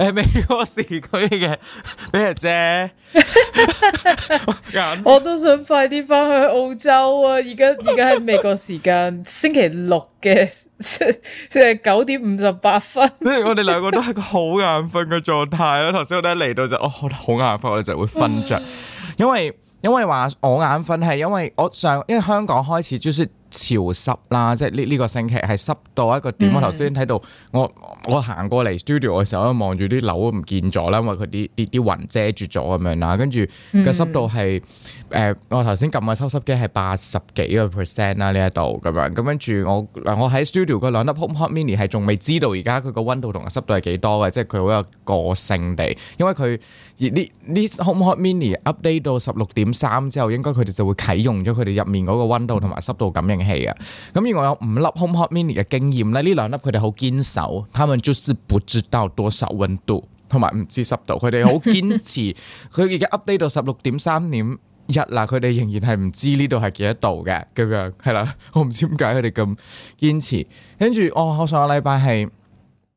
誒，美國時區嘅咩啫，我都想快啲翻去澳洲啊！而家而家喺美國時間 星期六嘅即係九點五十八分 我兩我、哦，我哋兩個都係個好眼瞓嘅狀態啦。頭先我哋一嚟到就哦好眼瞓，我哋就會瞓着， 因為因為話我眼瞓係因為我上因為香港開始、就是潮濕啦，即係呢呢個星期係濕到一個點。嗯、我頭先睇到我我行過嚟 studio 嘅時候，望住啲樓都唔見咗啦，因為佢啲啲啲雲遮住咗咁樣啦。跟住個濕度係。誒、呃，我頭先撳嘅抽濕機係八十幾個 percent 啦，呢一度咁樣，咁跟住我，嗱，我喺 studio 嗰兩粒 HomePod Mini 係仲未知道而家佢個溫度同埋濕度係幾多嘅，即係佢好有個性地，因為佢而呢呢 HomePod Mini update 到十六點三之後，應該佢哋就會啟用咗佢哋入面嗰個溫度同埋濕度感應器啊。咁另外有五粒 HomePod Mini 嘅經驗咧，呢兩粒佢哋好堅守，他們就是不知道多少溫度同埋唔知濕度，佢哋好堅持，佢而家 update 到十六點三點日啦，佢哋仍然係唔知呢度係幾多度嘅，咁樣係啦，我唔知點解佢哋咁堅持。跟住我我上個禮拜係，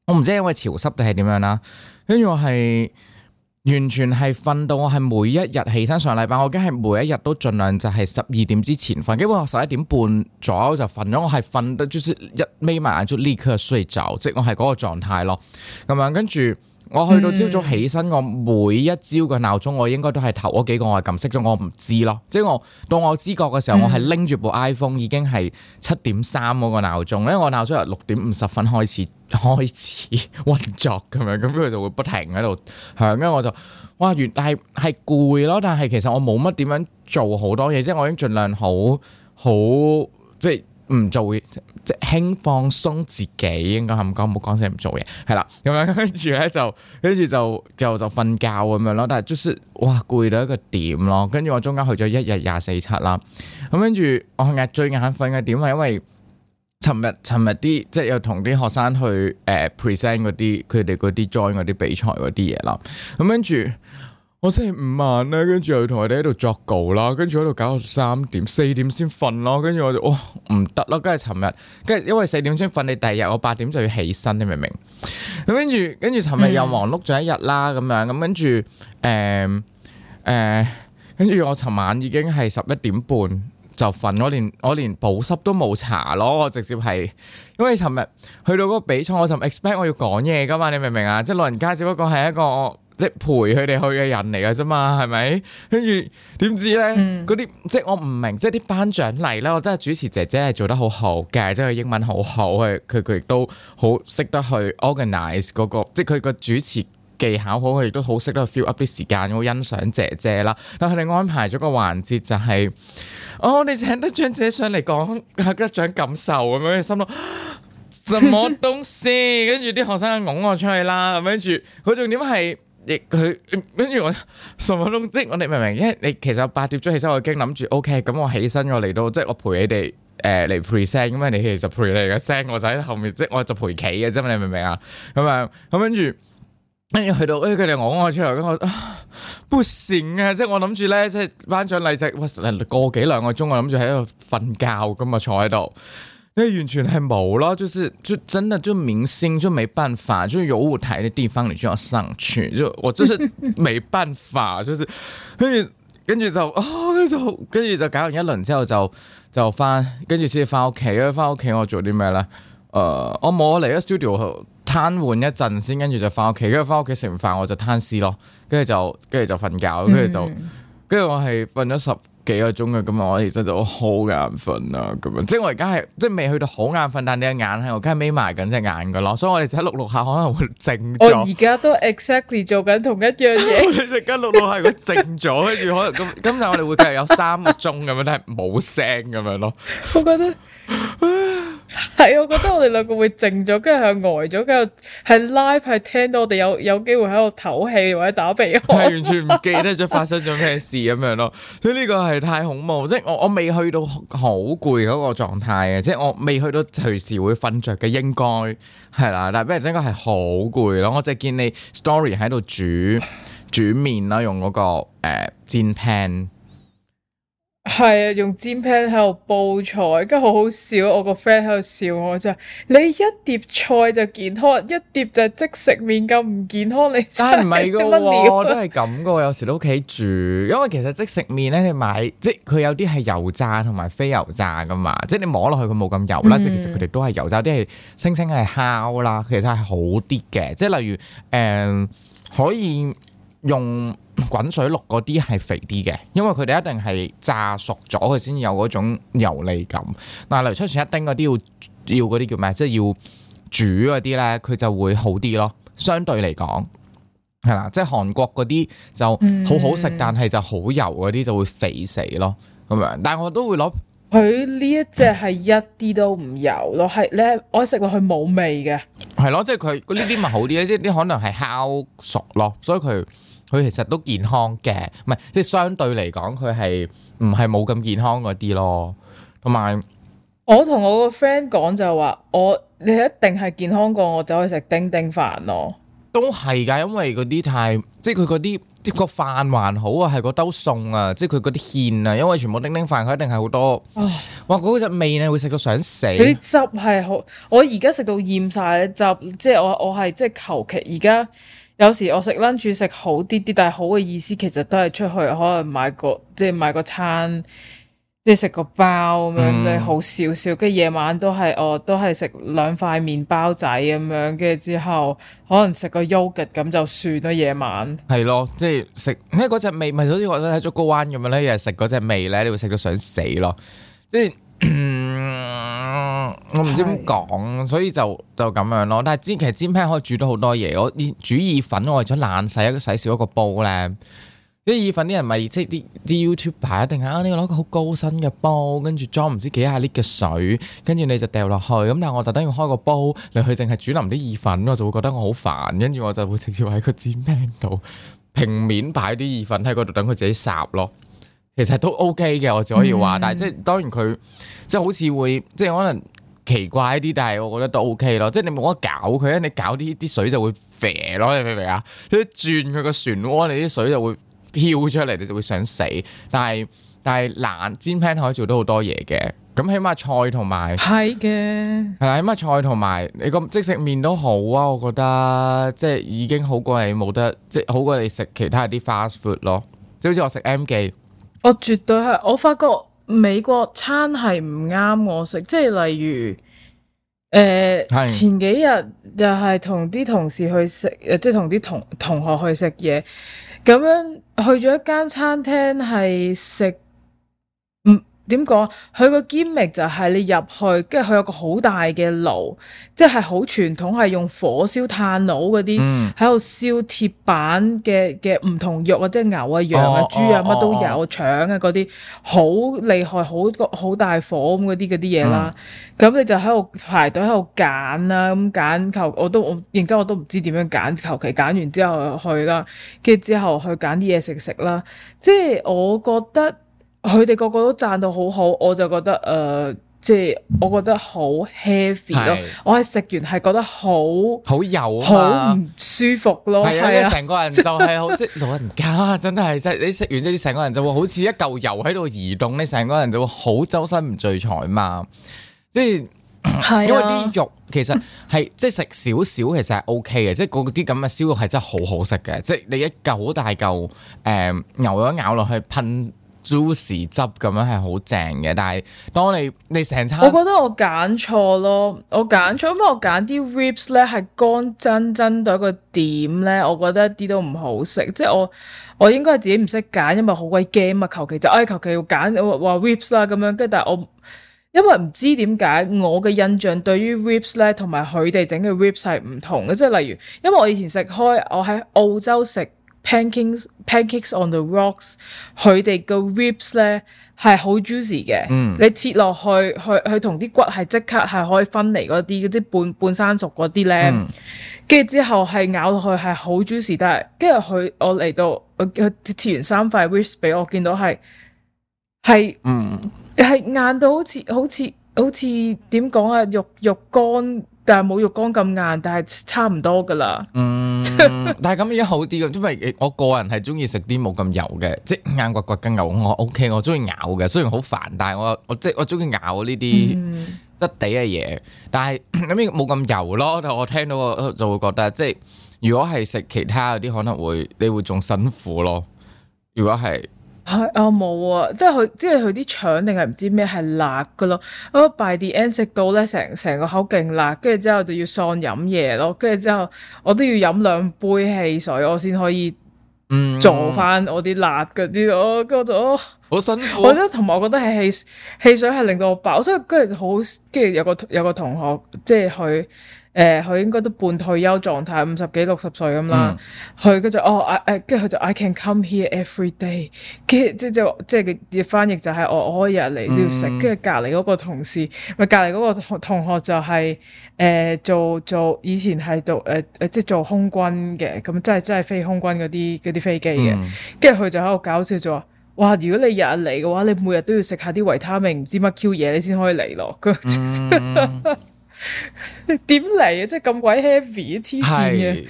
我唔知因為潮濕定係點樣啦。跟住我係完全係瞓到，我係每一日起身上禮拜，我驚係每一日都盡量就係十二點之前瞓，基本上我十一點半左右就瞓咗。我係瞓得就是一眯埋眼就立刻就睡着，即係我係嗰個狀態咯。咁樣跟住。我去到朝早起身，我每一朝嘅鬧鐘，我應該都係頭嗰幾個我係撳熄咗，我唔知咯。即係我到我知覺嘅時候，我係拎住部 iPhone 已經係七點三嗰個鬧鐘，因為我鬧鐘由六點五十分開始開始運作咁樣，咁佢就會不停喺度響。咁我就哇，原係係攰咯，但係其實我冇乜點樣做好多嘢，即係我已經盡量好好即係。唔做嘢，即係輕放鬆自己，應該咁講，唔好講成唔做嘢，係啦，咁樣跟住咧就，跟住就，就就瞓覺咁樣咯。但係就是，哇，攰到一個點咯。跟住我中間去咗一日廿四七啦，咁跟住我係最眼瞓嘅點係因為，尋日尋日啲即係又同啲學生去誒 present 嗰啲佢哋嗰啲 join 嗰啲比賽嗰啲嘢啦，咁跟住。我星期五晚呢，跟住又同佢哋喺度作稿啦，跟住喺度搞到三點四點先瞓咯，跟住我就哇唔得啦，跟住尋日跟住因為四點先瞓，你第二日我八點就要起身，你明唔明？咁跟住跟住尋日又忙碌咗一日啦，咁、嗯、樣咁跟住誒誒，跟住、呃呃、我尋晚已經係十一點半就瞓，我連我連保濕都冇搽咯，我直接係因為尋日去到嗰個比賽，我就 expect 我要講嘢噶嘛，你明唔明啊？即係老人家只不過係一個。即係陪佢哋去嘅人嚟嘅啫嘛，係咪？跟住點知咧？嗰啲即係我唔明，即係啲頒獎禮咧，我真係主持姐姐係做得好好嘅，即係佢英文好好，佢佢亦都好識得去 organize 嗰個，即係佢個主持技巧好，佢亦都好識得 fill up 啲時間，好欣賞姐姐啦。但佢哋安排咗個環節就係，哦，我哋請得張姐上嚟講下頒獎感受咁樣，心諗、啊、什麼東西？跟住啲學生拱我出去啦，咁跟住，佢重點係。亦佢跟住我，十分鐘即係我哋明唔明？因為你其實八點鐘起身，我驚諗住，OK，咁我起身我嚟到，即係我陪你哋誒嚟 present 咁啊，你其實 pre 你嘅聲，我就喺後面，即係我就陪企嘅啫嘛！你明唔明啊？咁啊，咁跟住跟住去到，誒，佢哋講我出嚟，咁我啊，不善啊！即係我諗住咧，即係頒獎禮只，哇，個幾兩個鐘，我諗住喺度瞓覺咁啊，坐喺度。誒，完全係冇咯，就是就真的就明星就沒辦法，就有舞台的地方你就要生存。就我就是沒辦法， 就是跟住、哦、跟住就啊，就跟住就搞完一輪之後就就翻，跟住先翻屋企，跟住翻屋企我做啲咩呢？誒、呃，我冇，我嚟咗 studio 癱瘓一陣先，跟住就翻屋企，跟住翻屋企食完飯我就癱屍咯，跟住就跟住就瞓覺，跟住就跟住我係瞓咗十幾個鐘啊，咁我其實就好眼瞓啦，咁樣，即係我而家係即係未去到好眼瞓，但你嘅眼係我梗係眯埋緊隻眼噶咯，所以我哋就喺碌碌下可能會靜咗。我而家都 exactly 做緊同一樣嘢。你陣間碌碌下如果靜咗，跟住可能今今日我哋會繼續有三個鐘咁樣， 但係冇聲咁樣咯。我覺得。 係， 我覺得我哋兩個會靜咗，跟住係呆咗，跟住係 live 係聽到我哋有有機會喺度唞氣或者打鼻鼾，係 完全唔記得咗發生咗咩事咁樣咯。所以呢個係太恐怖，即係我我未去到好攰嗰個狀態嘅，即係我未去到隨時會瞓着嘅，應該係啦。但係俾人真係應該係好攰咯。我就見你 story 喺度煮煮麵啦，用嗰、嗰個誒煎 pan。Uh, 係啊，用煎 pan 喺度煲菜，跟住好好笑。我個 friend 喺度笑我，就係，你一碟菜就健康，一碟就即食麵咁唔健康你真係。但係唔係噶，哎啊， 都係咁噶。有時喺屋企煮，因為其實即食麵咧，你買即佢有啲係油炸同埋非油炸噶嘛。即你摸落去，佢冇咁油啦。即其實佢哋都係油炸，有啲係聲稱係烤啦。其實係好啲嘅。即例如誒、嗯，可以。用滾水淥嗰啲係肥啲嘅，因為佢哋一定係炸熟咗佢先有嗰種油膩感。但例如出前一丁嗰啲要要嗰啲叫咩？即係要煮嗰啲咧，佢就會好啲咯。相對嚟講係啦，即係韓國嗰啲就好好食，但係就好油嗰啲就會肥死咯咁樣。但係我會都會攞佢呢一隻係一啲都唔油咯，係咧、嗯、我食落去冇味嘅。係咯，即係佢呢啲咪好啲咧？即啲可能係烤熟咯，所以佢。佢其實都健康嘅，唔係即係相對嚟講，佢係唔係冇咁健康嗰啲咯。同埋我同我個 friend 講就話，我你一定係健康過我走去食叮叮飯咯。都係㗎，因為嗰啲太即係佢嗰啲啲個飯還好啊，係個兜餸啊，即係佢嗰啲芡啊，因為全部叮叮飯佢一定係好多。唉哇！嗰、嗰個隻味咧會食到想死。啲汁係好，我而家食到厭晒啲汁，即係我我係即係求其而家。有時我食 lunch 食好啲啲，但係好嘅意思其實都係出去可能買個即係買個餐，即係食個包咁、嗯、樣，你好少少。跟住夜晚都係，哦，都係食兩塊麵包仔咁樣，跟住之後可能食個 yogurt 咁就算啦。夜晚係咯，即係食咩嗰隻味，咪好似我喺咗竹篙灣咁樣咧，日日食嗰隻味咧，你會食到想死咯，即係。嗯，我唔知點講，所以就就咁樣咯。但係煎其實煎 pan 可以煮到好多嘢。我煮意粉，我為咗懶，洗洗少一個煲咧。啲意粉啲人咪即係啲啲 YouTuber 一定係啊，你要攞個好高身嘅煲，跟住裝唔知幾下啲嘅水，跟住你就掉落去。咁但係我特登要開個煲，你去淨係煮腍啲意粉，我就會覺得我好煩。跟住我就會直接喺個煎 pan 度平面擺啲意粉，喺度等佢自己霎咯。其實都 OK 嘅，我只可以話，但係即係當然佢即係好似會即係可能奇怪一啲，但係我覺得都 OK 咯。即係你冇得搞佢咧，你搞啲啲水就會肥咯，你明唔明啊？即你轉佢個漩渦，你啲水就會漂出嚟，你就會想死。但係但係冷煎 pan 可以做到好多嘢嘅，咁起碼菜同埋係嘅，係啦的，起碼菜同埋你個即食麵都好啊，我覺得即係已經好過你冇得，即係好過你食其他啲 fast food 咯。即係好似我食 M 記。我絕對係，我發覺美國餐係唔啱我食，即係例如，誒、呃、係，前幾日就係同啲同事去食，即係同啲同同學去食嘢，咁樣去咗一間餐廳係食。點講？佢個 g 力就係你入去，跟住佢有個好大嘅爐，即係好傳統，係用火燒炭爐嗰啲，喺度燒鐵板嘅嘅唔同肉啊，即係牛啊、羊啊、哦哦、豬啊，乜都有，哦哦、腸啊嗰啲，好厲害，好個好大火咁嗰啲啲嘢啦。咁、嗯、你就喺度排隊喺度揀啦，咁揀求我都我認真我都唔知點樣揀，求其揀完之後去啦。跟住之後去揀啲嘢食食啦。即係我覺得。佢哋個個都讚到好好，我就覺得誒、呃，即係我覺得好 heavy 咯是。我係食完係覺得好，好油，好唔舒服咯。係啊，成、啊啊、個人就係好 即老人家，真係即你食完即成個人就會好似一嚿油喺度移動，你成個人就會好周身唔聚財嘛。即係、啊、因為啲肉其實係即食少少， 小小小其實係 OK 嘅，即係嗰啲咁嘅燒肉係真係好好食嘅。即係 你一嚿好大嚿誒、嗯、牛腩咬落去噴，噴豬豉汁咁樣係好正嘅，但係當你你成餐，我覺得我揀錯咯，我揀錯，因為我揀啲 ribs 咧係乾蒸，蒸到一個點咧，我覺得一啲都唔好食。即係我我應該係自己唔識揀，因為好鬼驚啊嘛！求其就誒，求其要揀話 ribs 啦咁樣，跟住但係我因為唔知點解我嘅印象對於 ribs 咧同埋佢哋整嘅 ribs 係唔同嘅，即係例如，因為我以前食開，我喺澳洲食。Pancakes, pancakes on the rocks，佢哋個 ribs 咧係好 juicy 嘅。你切落去，佢佢同啲骨係即刻係可以分離嗰啲，嗰啲半半生熟嗰啲咧。跟住之後係咬落去係好 juicy，但係跟住佢我嚟到佢切完三塊 ribs 俾我，見到係係嗯係硬到好似好似好似點講啊，肉肉乾。但係冇肉乾咁硬，但係差唔多噶啦。 嗯，但係咁樣已經好啲噶，因為我個人係中意食啲冇咁油嘅，即係硬骨骨嘅牛，我 O、OK, K，我中意咬嘅。雖然好煩，但係我我即係我中意咬呢啲質地嘅嘢。嗯、但係咁樣冇咁油咯。我聽到我就會覺得，即係如果係食其他嗰啲，可能會你會仲辛苦咯。如果係。係啊，冇、哦、啊！即係佢，即係佢啲腸定係唔知咩係辣噶咯？我 b 啲 t n 食到咧，成成個口勁辣，跟住之後就要送飲嘢咯。跟住之後，我都要飲兩杯汽水，我先可以做助翻我啲辣嗰啲咯。跟住我好辛苦，嗯、 我覺得同埋我覺得係汽汽水係令到我爆。所以跟住好，跟住有個有個同學即係佢。誒，佢、呃、應該都半退休狀態，五十幾六十歲咁啦。佢跟住哦，誒、啊，跟住佢就 I can come here every day，跟住即即即即嘅嘅翻譯就係、是、我我可以日日嚟都要食。跟住隔離嗰個同事，咪隔離嗰個同學就係、是、誒、呃、做做，做以前係做誒誒、呃、即做空軍嘅，咁即即係飛空軍嗰啲啲飛機嘅。跟住佢就喺度搞笑就話，哇！如果你日日嚟嘅話，你每日都要食下啲維他命唔知乜 Q 嘢，你先可以嚟咯。 點嚟啊！即係咁鬼 heavy，黐線嘅。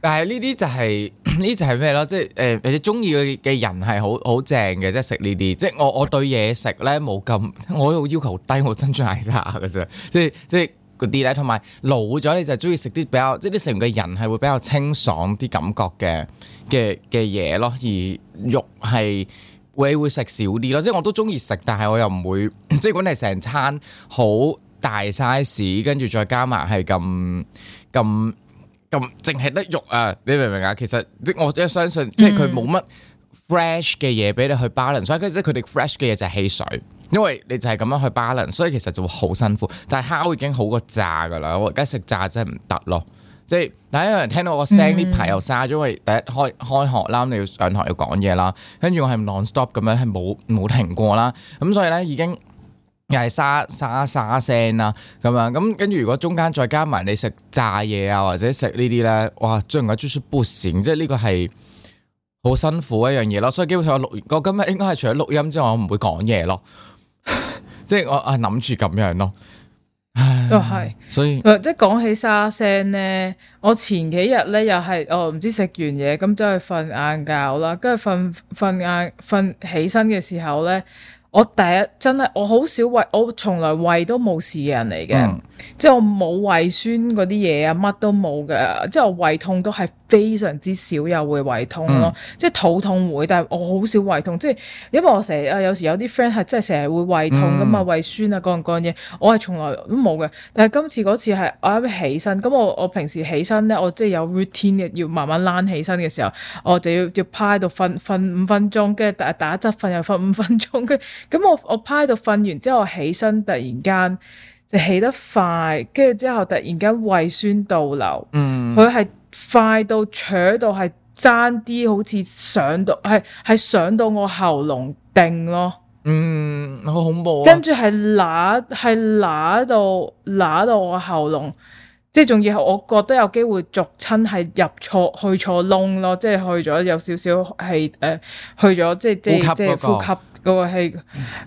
但係呢啲就係呢就係咩咯？即係誒，而中意嘅人係好好正嘅，即係食呢啲。即係我我對嘢食咧冇咁，我要求低，我真係差嘅啫。即係即係嗰啲咧，同埋老咗你就中意食啲比較，即係啲食完嘅人係會比較清爽啲感覺嘅嘅嘅嘢咯。而肉係會會食少啲咯，即係我都中意食，但係我又唔會即係，如果你成餐好。大 size，跟住再加埋係咁咁咁，淨係得肉啊！你明唔明啊？其實即我即係相信，嗯、即係佢冇乜 fresh 嘅嘢俾你去 balance、嗯，所以即佢哋 fresh 嘅嘢就係汽水，因為你就係咁樣去 balance，所以其實就會好辛苦。但係烤已經好過炸噶啦，我而家食炸真係唔得咯。即係，但係有人聽到我個聲呢排又沙咗，因為第一開開學啦，你要上堂要講嘢啦，跟住我係 non stop 咁樣係冇冇停過啦，咁所以咧已經。已經嗌沙沙沙聲啦，咁啊，咁跟住如果中間再加埋你食炸嘢啊，或者食呢啲咧，哇，將人 j 出出 c e 即係呢個係好辛苦一樣嘢咯。所以基本上我錄，我今日應該係除咗錄音之外我， 我唔會講嘢咯。即係我係諗住咁樣咯。都係、哦，所以，即係講起沙聲咧，我前幾日咧又係，我、哦、唔知食完嘢，咁走去瞓晏覺啦，跟住瞓瞓晏瞓起身嘅時候咧。我第一真係我好少胃，我從來胃都冇事嘅人嚟嘅、嗯啊，即係我冇胃酸嗰啲嘢啊，乜都冇嘅，即係我胃痛都係非常之少又會胃痛咯，嗯、即係肚痛會，但係我好少胃痛，即係因為我成日啊，有時有啲 friend 係真係成日會胃痛㗎嘛，嗯、胃酸啊，各樣各樣嘢，我係從來都冇嘅。但係今次嗰次係我喺度起身，咁我我平時起身咧，我即係有 routine 要慢慢攬起身嘅時候，我就要要趴喺度瞓瞓五分鐘，跟住打打一側瞓又瞓五分鐘，咁我我趴喺度瞓完之後起身，突然間就起得快，跟住之後突然間胃酸倒流，佢係、嗯、快到扯到係爭啲，好似上到係係上到我喉嚨定咯，嗯，好恐怖啊。跟住係揦係揦到揦到我喉嚨。即係仲要係，我覺得有機會逐親係入錯去錯窿咯，即係去咗有少少係誒，去咗即係即係即係呼吸嗰個氣，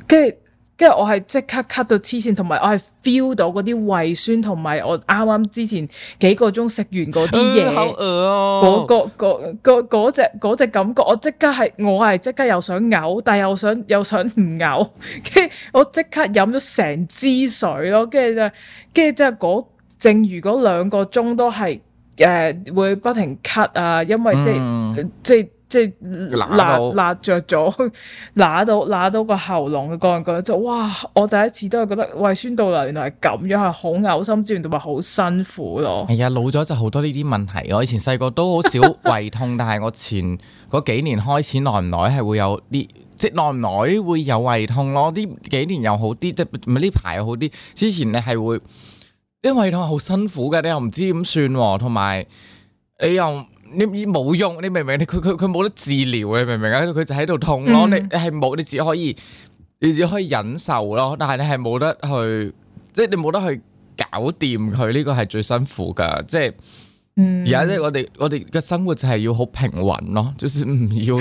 跟住跟住我係即刻咳到黐線，同埋我係 feel 到嗰啲胃酸，同埋我啱啱之前幾個鐘食完嗰啲嘢，嗰、uh, 哦嗰個只只、嗰個嗰個嗰個嗰個、感覺，我即刻係我係即刻想又想嘔，但係又想又想唔嘔，跟住我即刻飲咗成支水咯，跟住就跟住即係嗰。正如嗰兩個鐘都係誒、呃、會不停咳啊，因為、嗯、即係即係即係辣辣著咗辣到辣到個喉嚨嘅個人覺得就哇！我第一次都係覺得胃酸倒流原來係咁樣，係好嘔心之餘同埋好辛苦咯。係啊、哎，老咗就好多呢啲問題。我以前細個都好少胃痛， 但係我前嗰幾年開始耐唔耐係會有啲即係耐唔耐會有胃痛咯。呢幾年又好啲，即係係呢排又好啲。之前你係會。因為佢好辛苦嘅，你又唔知點算喎，同埋你又你冇用，你明唔明？你佢佢佢冇得治療，你明唔明啊？佢就喺度痛咯，嗯、你你係冇，你自己可以你自己可以忍受咯。但係你係冇得去，即係你冇得去搞掂佢。呢個係最辛苦噶，即係。而家即係我哋，我哋嘅生活就係要好平穩咯，就算唔要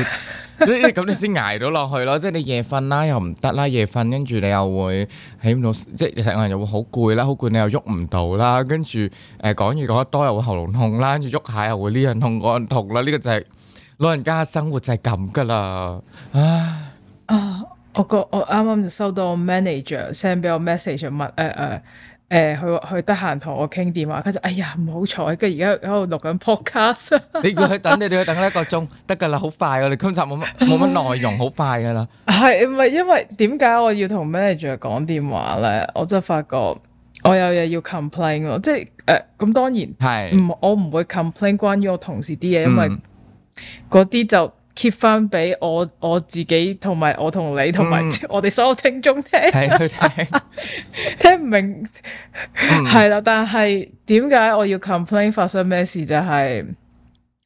咁你先挨到落去咯。即係你夜瞓啦，又唔得啦，夜瞓跟住你又會起唔到，即係成個人又會好攰啦，好攰你又喐唔到啦，跟住誒講住講得多又會喉嚨痛啦，跟住喐下又會呢樣痛嗰樣痛啦。呢個就係老人家生活就係咁噶啦。唉啊，我個我啱啱就收到 manager send 俾我 message 乜誒誒。誒，佢佢得閒同我傾電話，佢就哎呀唔好彩，跟住而家喺度錄緊 podcast。你要去等你哋，去等一個鐘，得噶啦，好快，我哋今集冇乜冇乜內容，好 快噶啦。係唔係？因為點解我要同 manager 講電話咧？我真係發覺我有嘢要 complain，即係誒，咁、就是呃、當然係，唔是我唔會 complain 關於我同事啲嘢，嗯、因為嗰啲就。keep 翻俾我我自己同埋我同你同埋我哋所有聽眾聽, 聽不明， 聽唔明係啦， 但係點解我要 complain 發生咩事就係、是、誒、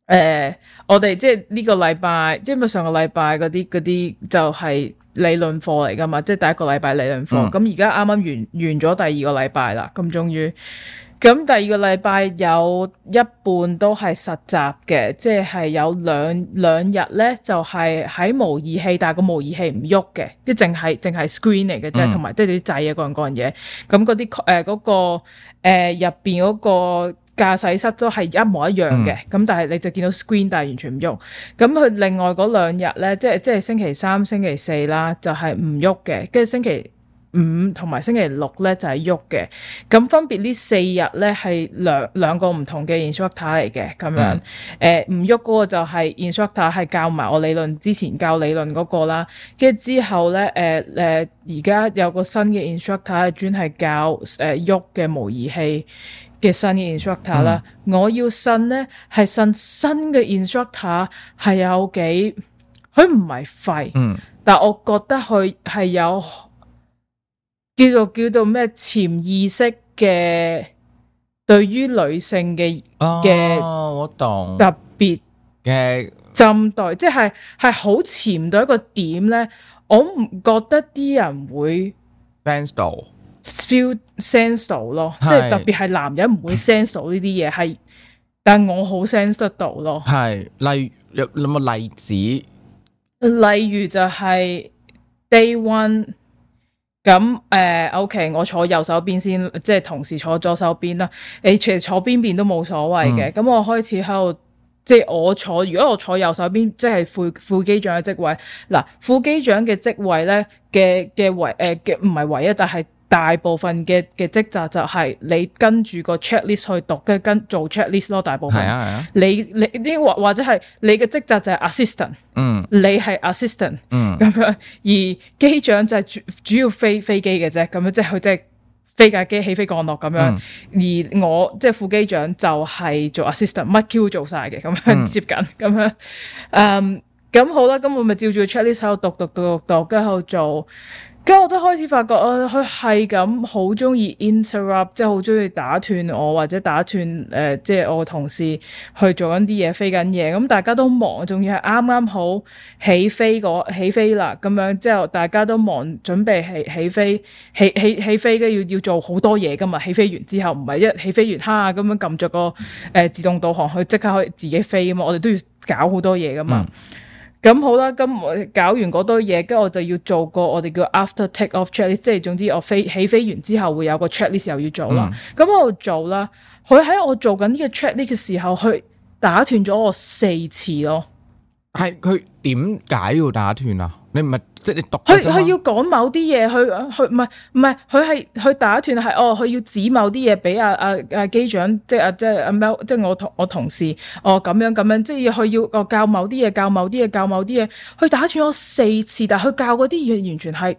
呃，我哋即係呢個禮拜，即係咪上個禮拜嗰啲嗰啲就係理論課嚟噶嘛？即、就、係、是、第一個禮拜理論課，咁而家啱啱完完咗第二個禮拜啦，咁終於。咁第二個禮拜有一半都係實習嘅，即係有兩兩日咧，就係喺模擬器，但係個模擬器唔喐嘅，即係淨係淨係 screen 嚟嘅即啫，同埋即係啲仔嘢、各樣各樣嘢。咁嗰啲誒嗰個入邊嗰個駕駛室都係一模一樣嘅。咁、嗯、但係你就見到 screen，但係完全唔喐。咁佢另外嗰兩日咧，即係即係星期三、星期四啦，就係唔喐嘅。跟住星期五同埋星期六咧就係喐嘅，咁分別呢四日咧係兩兩個唔同嘅 instructor 嚟嘅，咁樣誒唔喐嗰個就係 instructor 係教埋我理論之前教理論嗰個啦，跟住之後咧誒誒而家有個新嘅 instructor 專係教誒喐嘅模擬器嘅新嘅 instructor 啦，mm. 我要信咧係信新嘅 instructor 係有幾佢唔係廢，廢 mm. 但我覺得佢係有。叫做叫做咩潛意識嘅對於女性嘅嘅、哦、特別嘅針對，即係係好潛到一個點咧，我唔覺得啲人會 sense 到。feel sense 到咯，即係是特別係男人唔會 sense 到呢啲嘢，係但我好 sense 得到咯。係，例如有冇例子？例如就係 day one。咁誒，OK，我坐右手邊先，即係同時坐左手邊啦。你坐坐邊邊都冇所謂嘅。咁我開始喺度，即係我坐。如果我坐右手邊，即係副副機長嘅職位。嗱，副機長嘅職位咧嘅嘅位誒，嘅唔係唯一，但係。大部分嘅嘅職責就係你跟住個 checklist 去讀跟跟做 checklist 咯，大部分。係啊係啊。你你啲或或者係你嘅職責就係 assistant。嗯。你係 assistant。嗯。咁樣，而機長就係主主要飛飛機嘅啫，咁樣即係佢即係飛架機起飛降落咁樣。嗯、而我即係、就係、副機長就係做 assistant，乜 Q 做晒嘅，咁樣接近，咁樣。嗯。咁、嗯嗯、好啦，咁我咪照住 checklist 喺度讀讀讀讀，跟住做。咁我都開始發覺，啊、rupt，我佢係咁好中意 interrupt，即係好中意打斷我或者打斷誒、呃，即係我同事去做緊啲嘢，飛緊嘢。咁大家都忙，仲要係啱啱好起飛嗰起飛啦，咁樣之後大家都忙，準備起起，起，起飛起起起飛，嘅要要做好多嘢㗎嘛。起飛完之後唔係一，起飛完哈咁樣撳着個誒、呃、自動導航去即刻可以自己飛啊嘛。我哋都要搞好多嘢㗎嘛。嗯。咁好啦，咁我搞完嗰堆嘢，跟住我就要做個我哋叫 after take off checklist，即係總之我飛起飛完之後會有個 checklist 又要做啦。咁、嗯、我做啦，佢喺我做緊呢個 checklist 嘅時候，佢打斷咗我四次咯。係佢點解要打斷啊？你唔係即係你讀佢佢要講某啲嘢，佢佢唔係唔係佢係佢打斷係哦，佢要指某啲嘢俾阿阿阿機長，即係、啊、即係、啊、咁、啊啊哦、樣，樣，即係我同我同事哦咁樣咁樣，即係要佢要哦教某啲嘢，教某啲嘢，教某啲嘢，佢打斷我四次，但係佢教嗰啲嘢完全係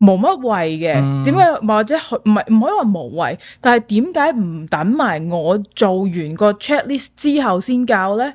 冇乜謂嘅，點解、嗯、或者佢唔係唔可以話無謂？但係點解唔等埋我做完個 checklist 之後先教咧？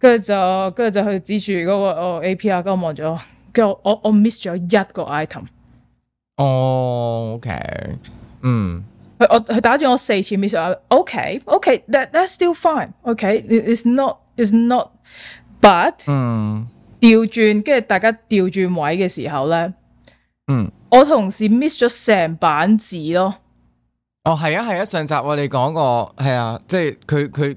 跟住就，跟住就去指住嗰個哦 A.P.R.，跟住我望咗，跟住我我 miss 咗一個 item。哦，OK，嗯。佢我佢打住我四次 miss 啊，OK，OK，that that's still fine，OK，it's not it's not，but 調轉，跟住大家調轉位嘅時候咧，嗯，我同事 miss 咗成板紙咯。哦，係啊，係啊，上集我哋講過，係啊，即係佢佢。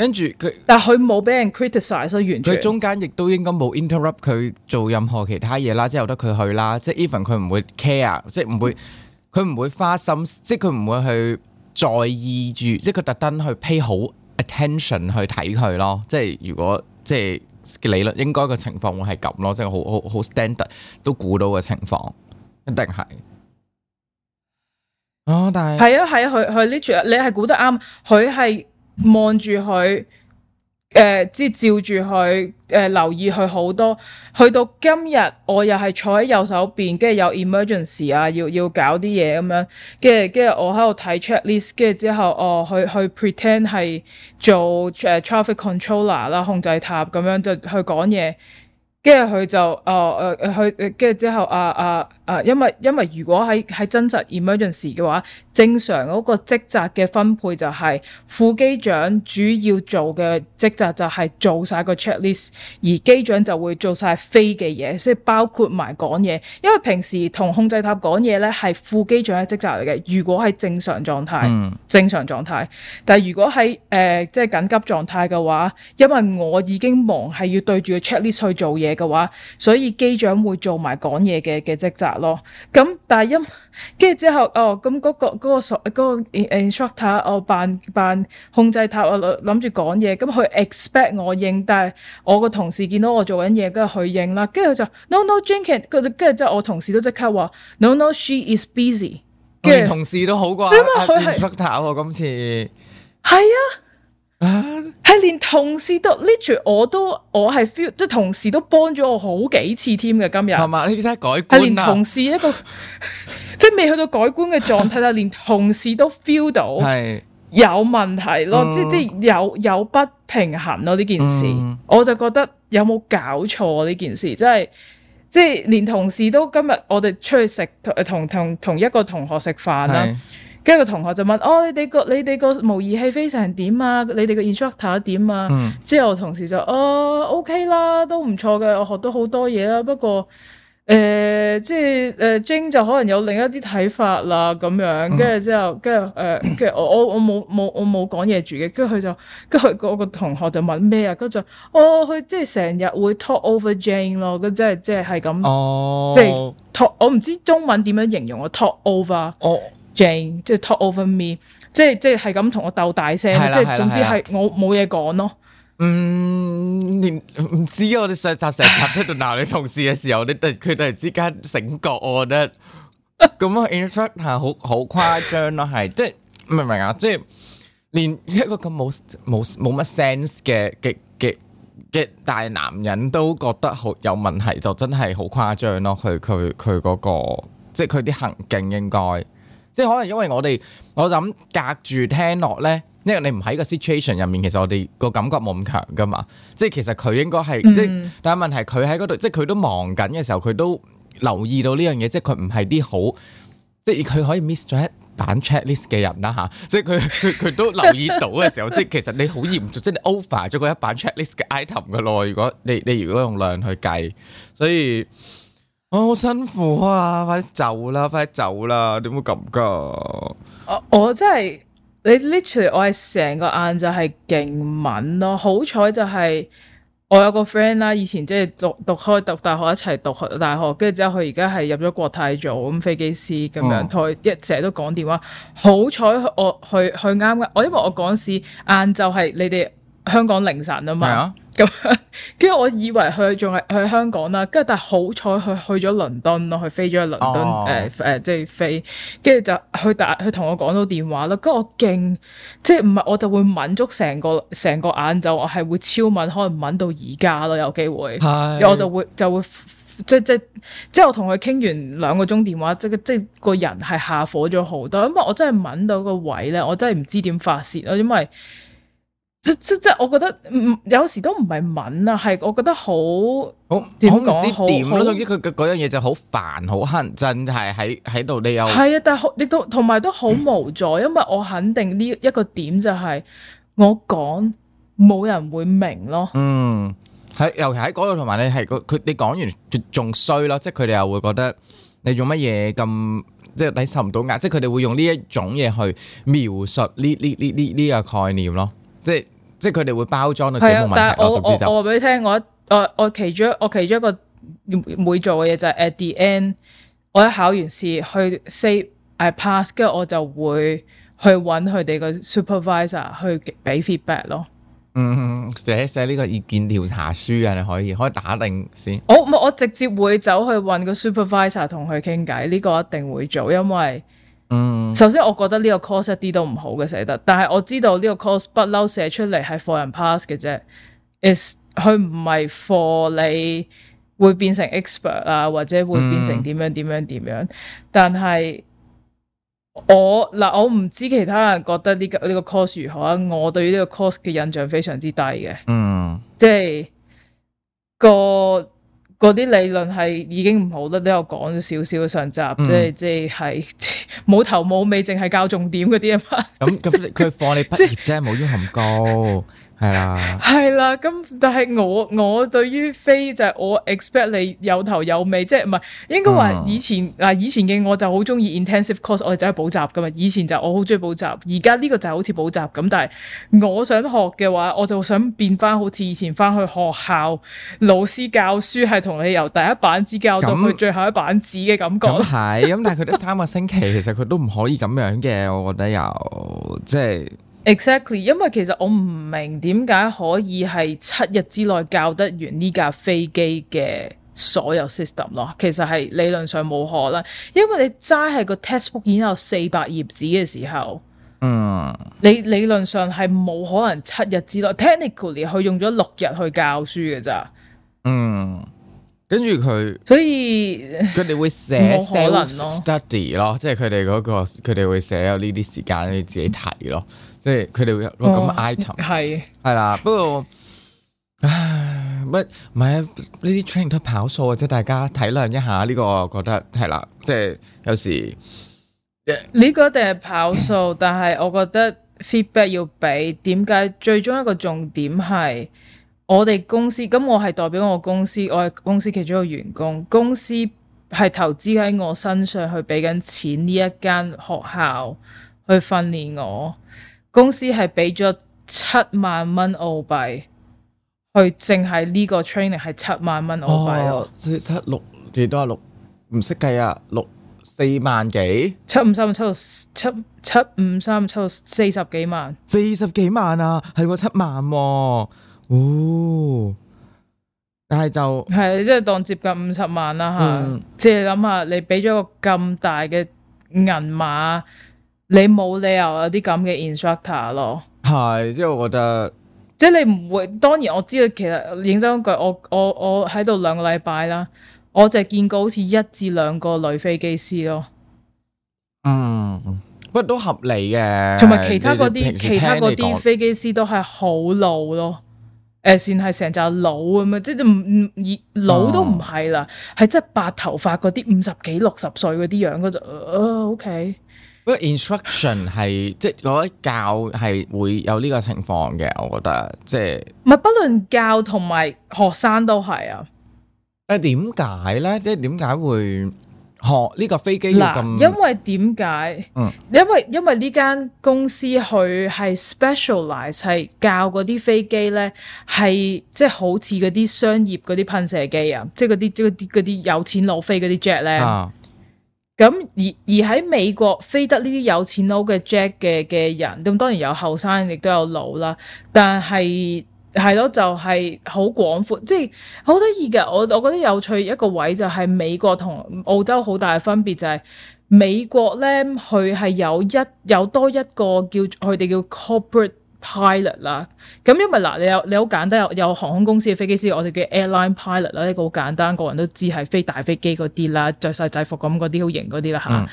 跟住佢，但係佢冇俾人 criticize 所以完全佢中間亦都應該冇 interrupt 佢做任何其他嘢啦，即係由得佢去啦，即係 even 佢唔會 care，即係唔會佢唔會花心，即係佢唔會去在意住，即係佢特登去 pay 好 attention 去睇佢咯。即係如果即係理論應該個情況會係咁咯，即係好好好 standard 都估到嘅情況一定係哦。但係係啊，係啊，佢佢呢處你係估得啱，佢係。望住佢，誒，即、呃、係照住佢，誒、呃，留意佢好多。去到今日，我又係坐喺右手邊，跟住有 emergency 啊，要要搞啲嘢咁樣。跟住跟住我喺度睇 checklist，跟住之後，哦，去去 pretend 係做 traffic controller 啦，控制塔咁樣就去講嘢。跟住佢就，哦，誒、呃、誒，跟住之後，啊啊。啊，因為因為如果喺喺真實 emergency 嘅話，正常嗰個職責嘅分配就係副機長，主要做嘅職責就係做晒個 checklist，而機長就會做晒飛嘅嘢，即係包括埋講嘢。因為平時同控制塔講嘢咧係副機長嘅職責嚟嘅，如果係正常狀態，嗯，正常狀態，但係如果喺誒即係緊急狀態嘅話，因為我已經忙係要對住個 checklist 去做嘢嘅話，所以機長會做埋講嘢嘅嘅職責。咯咁，但係因跟住之後哦，咁嗰個嗰個嗰個誒誒 short 塔哦，扮扮控制塔我諗住講嘢，咁佢 expect 我應，但係我個同事見到我做緊嘢，跟住佢應啦，跟住佢就 no no drink it，跟住之係我同事都即刻話 no no she is busy，跟住同事都好過因阿佢 h 今次係啊。啊！係連同事都呢住我都我係 feel，即係同事都幫咗我好幾次添嘅今日係嘛？你先改觀係連同事一個 即係未去到改觀嘅狀態啦， 連同事都 feel 到係有問題咯，是即係即係有有不平衡咯呢件事，嗯、我就覺得有冇搞錯呢件事，即係即係連同事都今日我哋出去食同同同同一個同學食飯啦。跟住個同學就問：哦，你哋個你哋個模擬器飛成點啊？你哋個 instructor 點啊？嗯、之後同事就：哦，OK 啦，都唔錯嘅，我學到好多嘢啦。不過，誒、呃，即係誒、呃、，Jane 就可能有另一啲睇法啦。咁樣跟住之後，跟住誒，跟住、呃、我我我冇冇我冇講嘢住嘅。跟住佢就跟住嗰個同學就問咩啊？跟住哦，佢即係成日會 talk over Jane 咯。跟住即係即係係咁，即係 talk。哦、talk，我唔知中文點樣形容我 talk over、哦。Jane 即係 talk over me，即係即係係咁同我鬥大聲，的即係總之係我冇嘢講咯。嗯，連唔知我哋上集成集喺度鬧你同事嘅時候，你佢突然之間醒覺，我覺得咁啊 interaction 好好誇張咯，係即係明唔明啊？即係連一個咁冇冇冇乜 sense 嘅嘅嘅嘅大男人都覺得好有問題，就真係好誇張咯。佢佢佢嗰個即係佢啲行徑應該。即係可能因為我哋，我諗隔住聽落咧，因為你唔喺個 situation 入面，其實我哋個感覺冇咁強噶嘛。即係其實佢應該係，即但係問題佢喺嗰度，即係佢都忙緊嘅時候，佢都留意到呢樣嘢，即係佢唔係啲好，即係佢可以 miss 咗一版 checklist 嘅人啦吓。即係佢佢都留意到嘅時候， 即係其實你好嚴重，即係你 over 咗嗰一版 checklist 嘅 item 嘅咯。如果你你如果用量去計，所以。我好、哦、辛苦啊！快啲走啦，快啲走啦！點會咁噶？啊？我真你我真係你 literally 我係成個晏晝係勁敏咯。好彩就係我有個 friend 啦，以前即係讀讀開讀大學一齊讀大學，跟住之後佢而家係入咗國泰做咁飛機師咁樣，佢一成日都講電話。好彩我去，佢啱嘅，我因為我講時晏晝係你哋香港凌晨啊嘛。咁，跟住 我以為佢仲係去香港啦，跟住但係好彩佢去咗倫敦咯，佢飛咗去倫敦，誒誒、oh. 呃呃，即係飛，跟住就去打佢同我講到電話啦，跟住我勁，即係唔係我就會嬲足成個成個晏晝，我係會超嬲，可能嬲到而家咯，有機會，我就會，我會，會、oh. 我就會，就會即即即，即我同佢傾完兩個鐘電話，即即個人係下火咗好多，因為我真係嬲到個位咧，我真係唔知點發泄咯，因為。即即即，我覺得、嗯、有時都唔係敏啊，係我覺得好唔知點講咯。總之佢佢嗰樣嘢就好煩，好乞人憎，就係喺喺度你又係啊，但係亦都同埋都好無助，因為我肯定呢一個點就係我講冇人會明咯。嗯、喺、嗯、尤其喺嗰度，同埋你係佢、嗯、你講完仲衰咯，即係佢哋又會覺得你做乜嘢咁即係你受唔到壓，即係佢哋會用呢一種嘢去描述呢呢呢呢呢個概念咯。即係即係佢哋會包裝到自己冇問題。我我我話俾你聽，我我我其中我其中一個會做嘅嘢就係 at the end，我一考完試去 say I pass，跟住我就會去揾佢哋個 supervisor 去俾 feedback 咯。嗯，寫寫呢個意見調查書啊，你可以可以打定先。我、oh，我直接會走去揾個 supervisor 同佢傾偈，呢、這個一定會做，因為。首先，我覺得呢個 course 一啲都唔好嘅寫得，但係我知道呢個 course 不嬲寫出嚟係 for 人 pass 嘅啫，係佢唔係 for 你會變成 expert 啊，或者會變成點樣點樣點樣，但係我嗱我唔知其他人覺得呢個呢個 course 如何，啊。我對於呢個 course 嘅印象非常之低嘅，嗯即，即係個。嗰啲理論係已經唔好啦，都有講少少上集，嗯、即係即係係冇頭冇尾，淨係教重點嗰啲啊嘛。咁咁佢放你畢業啫，冇要求咁高。係啊，係啦、 啊，咁但係我我對於非就係我 expect 你有頭有尾，即係唔係應該話以前嗱、嗯、以前嘅我就好中意 intensive course，我哋走去補習噶嘛，以前就我好中意補習，而家呢個就係好似補習咁，但係我想學嘅話，我就想變翻好似以前翻去學校老師教書，係同你由第一版紙教到去最後一版紙嘅感覺。咁係、嗯，咁 但係佢哋三個星期 其實佢都唔可以咁樣嘅，我覺得又即係。Exactly，因為其實我唔明，點解可以係七日之內教得完呢架飛機嘅所有 system 咯。其實係理論上冇可能，因為你齋係個 textbook 已經有四百頁紙嘅時候，嗯，你理論上係冇可能七日之內。Technically，佢用咗六日去教書嘅咋，嗯。跟住佢，所以佢哋會寫 self study 咯，即係佢哋嗰個，佢哋會寫有呢啲時間你自己睇咯。即係佢哋會有個咁嘅 item，係係啦，不過唉，乜唔係啊？呢啲 train 都跑數啊！即係大家體諒一下呢、這個，我覺得係啦。即係有時，呢個一定係跑數， 但係我覺得 feedback 要俾。點解最終一個重點係我哋公司？咁我係代表我公司，我係公司其中一個員工。公司係投資喺我身上去錢，去俾緊錢呢一間學校去訓練我。公司係俾咗七萬蚊澳幣去，淨係呢個 training 係七萬蚊澳幣哦，即七六最多六唔識計啊，六四萬幾？七五三抽七七五三抽四十幾萬？四十幾萬啊，係個、啊、七萬、啊、哦，但係就係即係當接近五十萬啦吓，即係諗下你俾咗個咁大嘅銀碼。你冇理由有啲咁嘅 instructor 咯，係，即係我覺得，即係你唔會。當然我知道，其實認真講，我我我喺度兩個禮拜啦，我就見過好似一至兩個女飛機師咯。嗯，不過都合理嘅。同埋其他嗰啲，你其他嗰啲飛機師都係好老咯。誒、嗯呃，算係成隻老咁樣，即係唔唔老都唔係啦，係真係白頭髮嗰啲，五十幾六十歲嗰啲樣，嗰就，哦，OK。不過 instruction 係 即係我覺得教係會有呢個情況嘅，我覺得，我覺得即係唔係不論教同埋學生都係啊。誒，點解咧？即係點解會學呢個飛機咁，嗯？因為點解？嗯，因為因為呢間公司佢係 specialize 係教嗰啲飛機咧，係即係好似嗰啲商業嗰啲噴射機啊，即係嗰啲即係啲嗰啲有錢佬飛嗰啲 jet 咧。啊。咁而而喺美國飛得呢啲有錢佬嘅 Jack 嘅嘅人，咁當然有後生，亦都有老啦。但係係咯，就係好廣闊，即係好得意嘅。我我覺得有趣一個位就係美國同澳洲好大嘅分別就係美國咧，佢係有一有多一個叫佢哋叫 corporate。Pilot 啦，咁因為嗱，你有你好簡單有，有航空公司嘅飛機師，我哋叫 Airline Pilot 啦，呢個好簡單，個人都知係飛大飛機嗰啲啦，着晒制服咁嗰啲好型嗰啲啦嚇，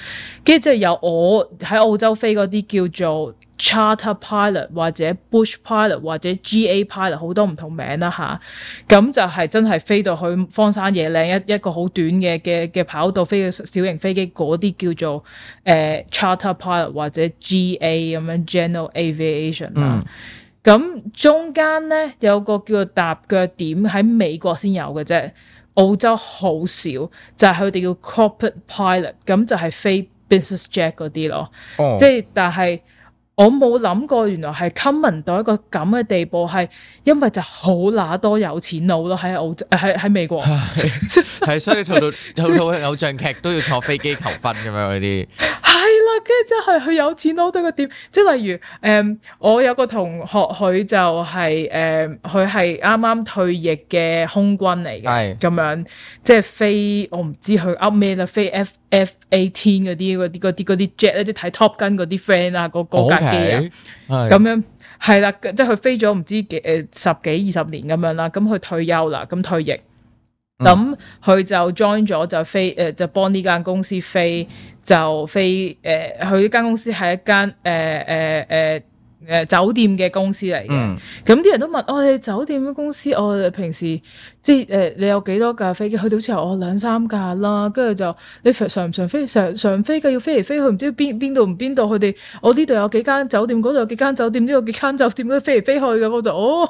跟住即係有我喺澳洲飛嗰啲叫做。charter pilot 或者 bush pilot 或者 ga pilot 好多唔同名啦吓，咁、啊、就係真係飛到去荒山野嶺，一一個好短嘅嘅嘅跑道飛嘅小型飛機嗰啲叫做誒、呃、charter pilot 或者 ga 咁樣 general aviation 啦、嗯。咁中間咧有個叫做踏腳點喺美國先有嘅啫，澳洲好少，就係佢哋叫 corporate pilot，咁就係飛 business jet 嗰啲咯。哦、即係但係。我冇諗過，原來係 common 到一個咁嘅地步，係因為就好乸多有錢佬咯，喺澳洲喺喺美國、哎，係所以套套偶像劇都要坐飛機求婚咁樣嗰啲。係啦，跟住即係佢有錢佬對個點，即係例如誒、嗯，我有個同學佢就係、是、誒，佢係啱啱退役嘅空軍嚟嘅，咁 樣即係、就是、飛我唔知佢噏咩啦，飛 F 的。F e i t 嗰啲嗰啲嗰啲嗰啲 jet 咧，即係睇 top 跟嗰啲 friend 啊，那個高架機咁、啊、Okay, 樣係啦的，即係佢飛咗唔知幾誒十幾二十年咁樣啦，咁佢退休啦，咁退役，咁佢、嗯、就 join 咗就飛誒，就幫呢間公司飛，就飛誒，佢呢間公司係一間誒誒誒誒酒店嘅公司嚟嘅，咁啲、嗯、人都問我哋、哦、酒店嘅公司，我、哦、哋、哦、平時。即係誒，你有幾多架飛機去到？好似係我兩三架啦，跟住就你上唔上飛？上上飛嘅要飛嚟飛去，唔知邊邊度唔邊度？佢哋我呢度有幾間酒店，嗰度有幾間酒店，呢度有幾間酒店，跟住飛嚟飛去咁，我就哦，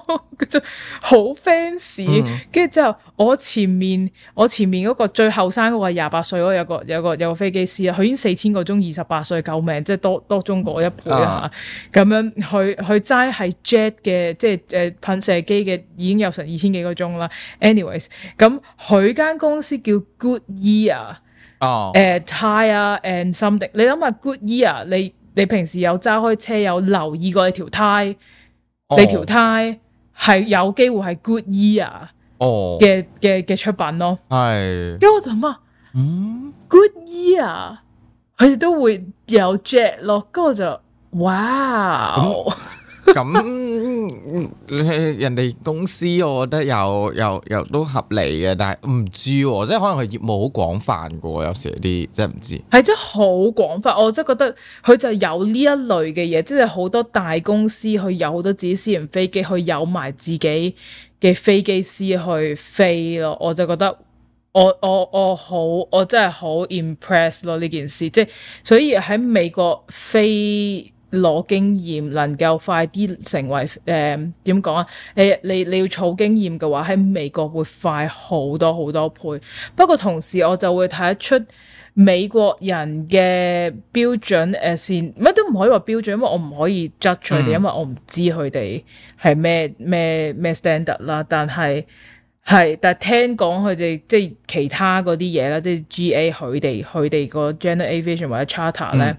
真好 fancy、嗯哼。跟住之後，我前面我前面嗰個最後生嗰個廿八歲嗰個有個有個有個飛機師啊，佢已經四千個鐘，二十八歲救命，即係多多鐘一倍啊！咁樣去佢齋係 jet 嘅，即係誒噴射機嘅，已經有成二千幾個鐘啦。anyways，咁佢間公司叫 Good Year 哦，誒 tire and something，你諗下 Good Year，你你平時有揸開車，有留意過你條胎，你條胎係有機會係 Good Year 哦嘅嘅嘅出品咯，係。咁我就諗啊，嗯 Good Year，佢哋都會有 jack 咯，咁我就哇。咁 人哋公司，我覺得又又又都合理嘅，但係唔知，即係可能佢業務好廣泛噶，有時啲即係唔知，係真好廣泛。我真係覺得佢就有呢一類嘅嘢，即係好多大公司去，有好多自己私人飛機，去，有埋自己嘅飛機師去飛咯。我就覺得我我我好，我真係好 impress 咯呢件事，即係所以喺美國飛。攞經驗能夠快啲成為誒點講啊？誒、呃、你你，你要儲經驗嘅話，喺美國會快好多好多倍。不過同時我就會睇得出美國人嘅標準誒線乜都唔可以話標準，因為我唔可以 judge 佢哋，因為我唔知佢哋係咩咩咩 standard 啦。但係。.係，但係聽講佢哋即係其他嗰啲嘢啦，即係 GA 佢哋佢哋個 general aviation 或者 charter 咧，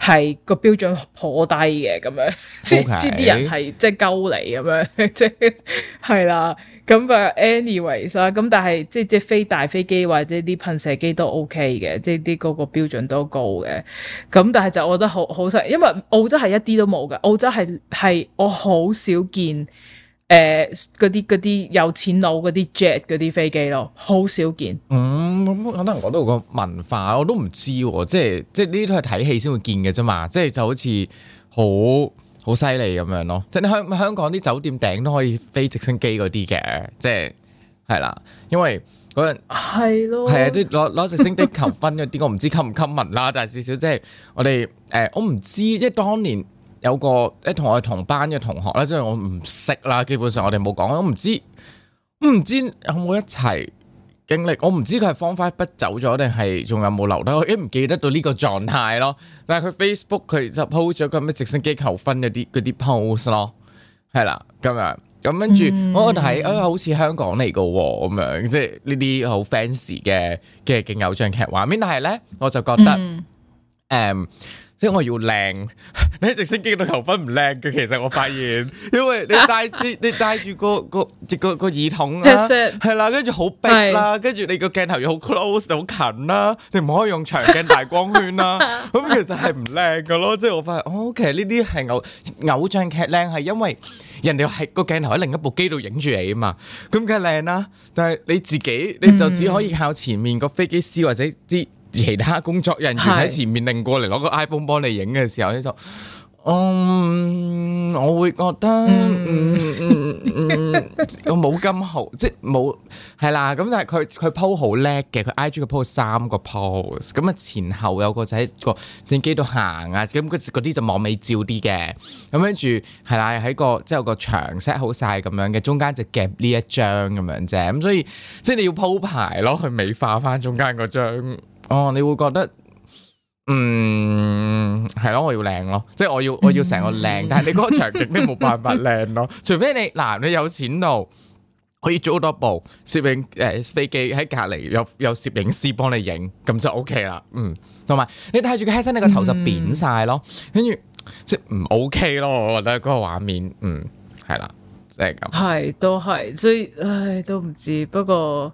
係個、嗯、標準頗低嘅咁樣，Okay. 樣，即即啲人係即係鳩你咁樣，即係係啦。咁啊，anyways 啦，咁但係即即飛大飛機或者啲噴射機都 OK 嘅，即啲嗰個標準都高嘅。咁但係就我覺得好好細，因為澳洲係一啲都冇㗎，澳洲係係我好少見。誒，嗰啲嗰啲有錢佬嗰啲 jet 嗰啲飛機咯，好少見。嗯，可能講到個文化，我都唔知喎，即係即係呢啲都係睇戲先會見嘅啫嘛，即係就好似好好犀利咁樣咯。即係香香港啲酒店頂都可以飛直升機嗰啲嘅，即係係啦，因為嗰陣係咯，係啊的，啲攞攞直升機求婚嗰啲，我唔知吸唔吸民啦，但係少少即係我哋誒，我唔知即係當年。有個，即係同我哋同班嘅同學咧，即係我唔識啦，基本上我哋冇講，我唔知，我唔知有冇一齊經歷，我唔知佢係方塊不走咗定係仲有冇留低，我依唔記得到呢個狀態咯。但係佢 Facebook 佢就 po 咗個咩直升機求婚嗰啲嗰啲 pose 咯，係啦咁樣，咁跟住我睇，誒，好似香港嚟噶，咁樣即係呢啲好 fancy 嘅嘅嘅偶像劇畫面，但係咧，我就覺得誒。即係我要靚，你直升機度求婚唔靚嘅，其實我發現，因為你戴你你戴住個個個個耳筒啊，係啦， 跟住好逼啦，跟住你個鏡頭又好 close，好近啦，你唔可以用長鏡大光圈啦，咁 其實係唔靚噶咯。即係我發現，哦其實呢啲係偶偶像劇靚，係因為人哋係個鏡頭喺另一部機度影住你啊嘛，咁梗係靚啦。但係你自己你就只可以靠前面個飛機師或者啲。其他工作人員喺前面拎過嚟攞個 iPhone 幫你影嘅時候咧，就的嗯，我會覺得，嗯，我冇咁好，即係冇係啦。咁但係佢佢 po 好叻嘅，佢 IG 嘅 po 三個 pose 咁啊，前後有個喺個正機度行啊，咁嗰啲就網美照啲嘅。咁跟住係啦，喺個即有個牆 set 好晒咁樣嘅，中間就夾呢一張咁樣啫。咁所以即係你要鋪排囉，去美化翻中間嗰張。哦，你會覺得，嗯，係咯，我要靚咯，即係我要我要成個靚，嗯、但係你嗰個場景都冇辦法靚咯， 除非你嗱，你有錢到可以租多部攝影誒、呃、飛機喺隔籬，有有攝影師幫你影，咁就 O K 啦，嗯，同埋你戴住個黑身，你個頭就扁晒咯，跟住、嗯、即係唔 O K 咯，我覺得嗰個畫面，嗯，係啦，即係咁，係都係，所以唉，都唔知，不過。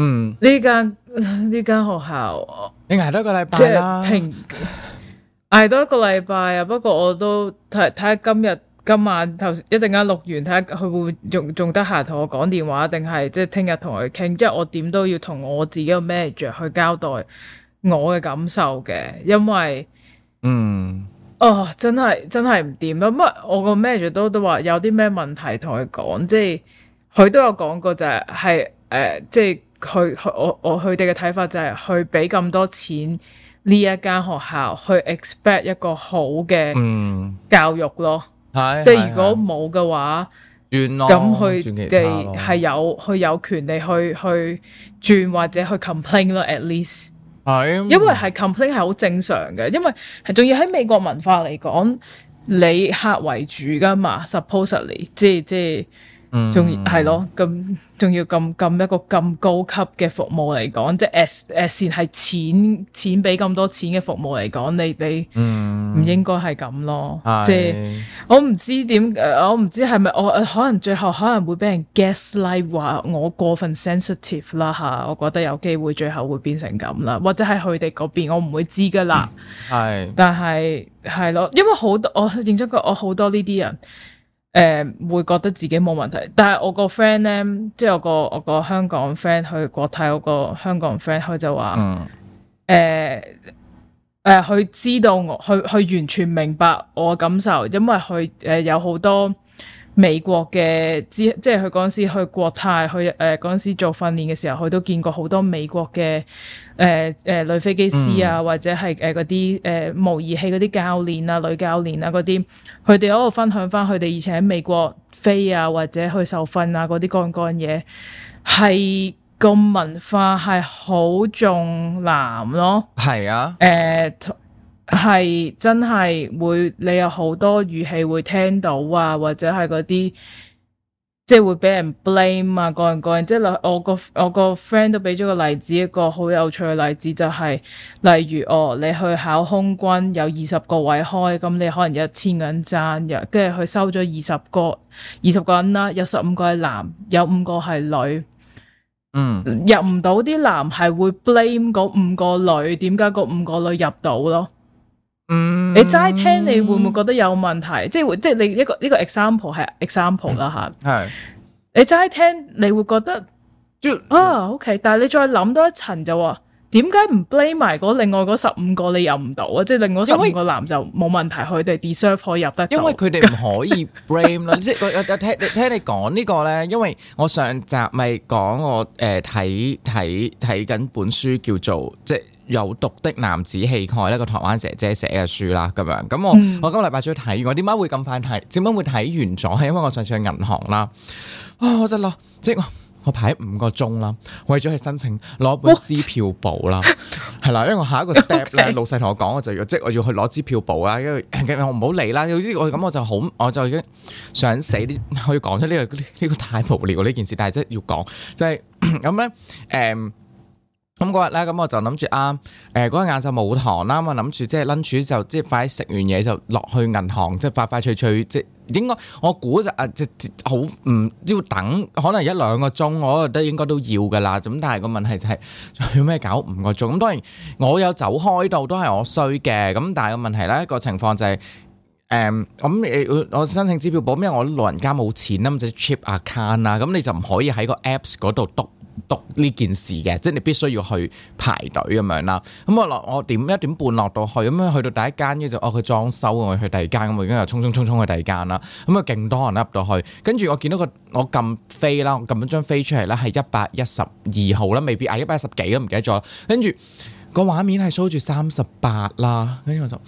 嗯，呢間呢間學校，你挨多一個禮拜啦，挨多一個禮拜啊！不過我都睇睇下今日今晚頭先一陣間錄完，睇下佢會仲仲得閒同我講電話，定係即係聽日同佢傾。即係我點都要同我自己個 manager 去交代我嘅感受嘅，因為嗯，哦，真係真係唔掂啊！乜我個 manager 都都話有啲咩問題同佢講，即係佢都有講過就係係誒，即係。佢我我佢哋嘅睇法就係去俾咁多錢呢一間學校去 expect 一個好嘅教育咯，即係如果冇嘅話，咁佢哋係有佢有，有權利去去轉或者去 complain 咯，at least, 嗎因為係 complain 係好正常嘅，因為係仲要喺美國文化嚟講，你客 a 為主噶嘛，supposedly 即係仲係、嗯、咯，咁仲要咁咁一個咁高級嘅服務嚟講，即係 as 誒，係錢錢俾咁多錢嘅服務嚟講，你你唔應該係咁咯。即係我唔知點，我唔知係咪我可能最後可能會俾人 gaslight 話我過分 sensitive 啦吓、啊，我覺得有機會最後會變成咁啦，或者係佢哋嗰邊我唔會知噶啦。係的，但係係咯，因為好多我認識過我好多呢啲人。誒、呃，會覺得自己冇問題，但係我個 friend 咧，即係我個我個香港 friend 去國泰，我個香港 friend 佢就話，誒誒、嗯，佢、呃呃、知道我，佢佢完全明白我嘅感受，因為佢誒有好多。美國嘅之即係佢嗰陣時去國泰去誒嗰陣時做訓練嘅時候，佢都見過好多美國嘅誒誒女飛機師啊，或者係誒嗰啲誒模擬器嗰啲教練啊、女教練啊嗰啲，佢哋喺度分享返佢哋以前喺美國飛啊或者去受訓啊嗰啲干干嘢，係個文化係好重男咯。係啊，誒、呃。係真係會，你有好多語氣會聽到啊，或者係嗰啲即係會俾人 blame 啊，各人，各人，即係我個我個 friend 都俾咗個例子，一個好有趣嘅例子就係、是，例如哦，你去考空軍有二十個位開，咁你可能一千人爭入，跟住佢收咗二十個二十個人啦，有十五個係男，有五個係女，嗯，入唔到啲男係會 blame 嗰五個女，點解嗰五個女入到咯？嗯，你齋聽你會唔會覺得有問題？即係即係你一，這個呢，這個 example 係 example 啦吓。係、嗯，你齋聽你會覺得，嗯、啊，OK。但係你再諗多一層就話，點解唔 blame 埋嗰另外嗰十五個你入唔到啊？即係另外十五個男就冇問題，佢哋 deserve 可以入得。因為佢哋唔可以 blame 咯。即係我我聽你聽你講呢個咧，因為我上集咪講我誒睇睇睇緊本書叫做即係。有毒的男子氣概呢個台灣姐姐寫嘅書啦，咁樣咁我、嗯、我今個禮拜最睇，我點解會咁快睇？點解會睇完咗？係因為我上次去銀行啦，啊，我真係攞即係我，我排五個鐘啦，為咗去申請攞本支票簿啦，係啦哇， 因為我下一個 step 咧，老細同我講，我就要即係我要去攞支票簿啦，因為我唔好理啦，總之我咁我就好，我就已經想死啲，我要講出呢個呢、這個這個太無聊呢件事，但係即係要講就係咁咧，誒。嗯嗯嗯。咁嗰日咧，咁我就諗住啊，誒嗰日晏晝冇堂啦嘛，諗住即係 lunch 就即係快食完嘢就落去銀行，即係快快脆脆，即係應該我估就啊，即係好唔要等，可能一兩個鐘，我覺得應該都要噶啦。咁但係個問題就係仲要咩搞五個鐘？咁當然我有走開到，都係我衰嘅。咁但係個問題咧，個情況就係誒咁誒，我申請支票簿，因為我老人家冇錢啦，咁就 cheque account 啦，咁你就唔可以喺個 apps 嗰度篤。讀呢件事嘅，即係你必須要去排隊咁樣啦。咁我落我點一點半落到去，咁樣去到第一間，跟住就哦佢裝修，我去第二間，咁我已經又衝衝衝衝去第二間啦。咁啊，勁多人入到去，跟住我見到個我撳飛啦，我撳咗張飛出嚟咧，係一百一十二號啦，未必啊，一百一十幾都唔記得咗。跟住個畫面係 show 住三十八啦，跟住我就。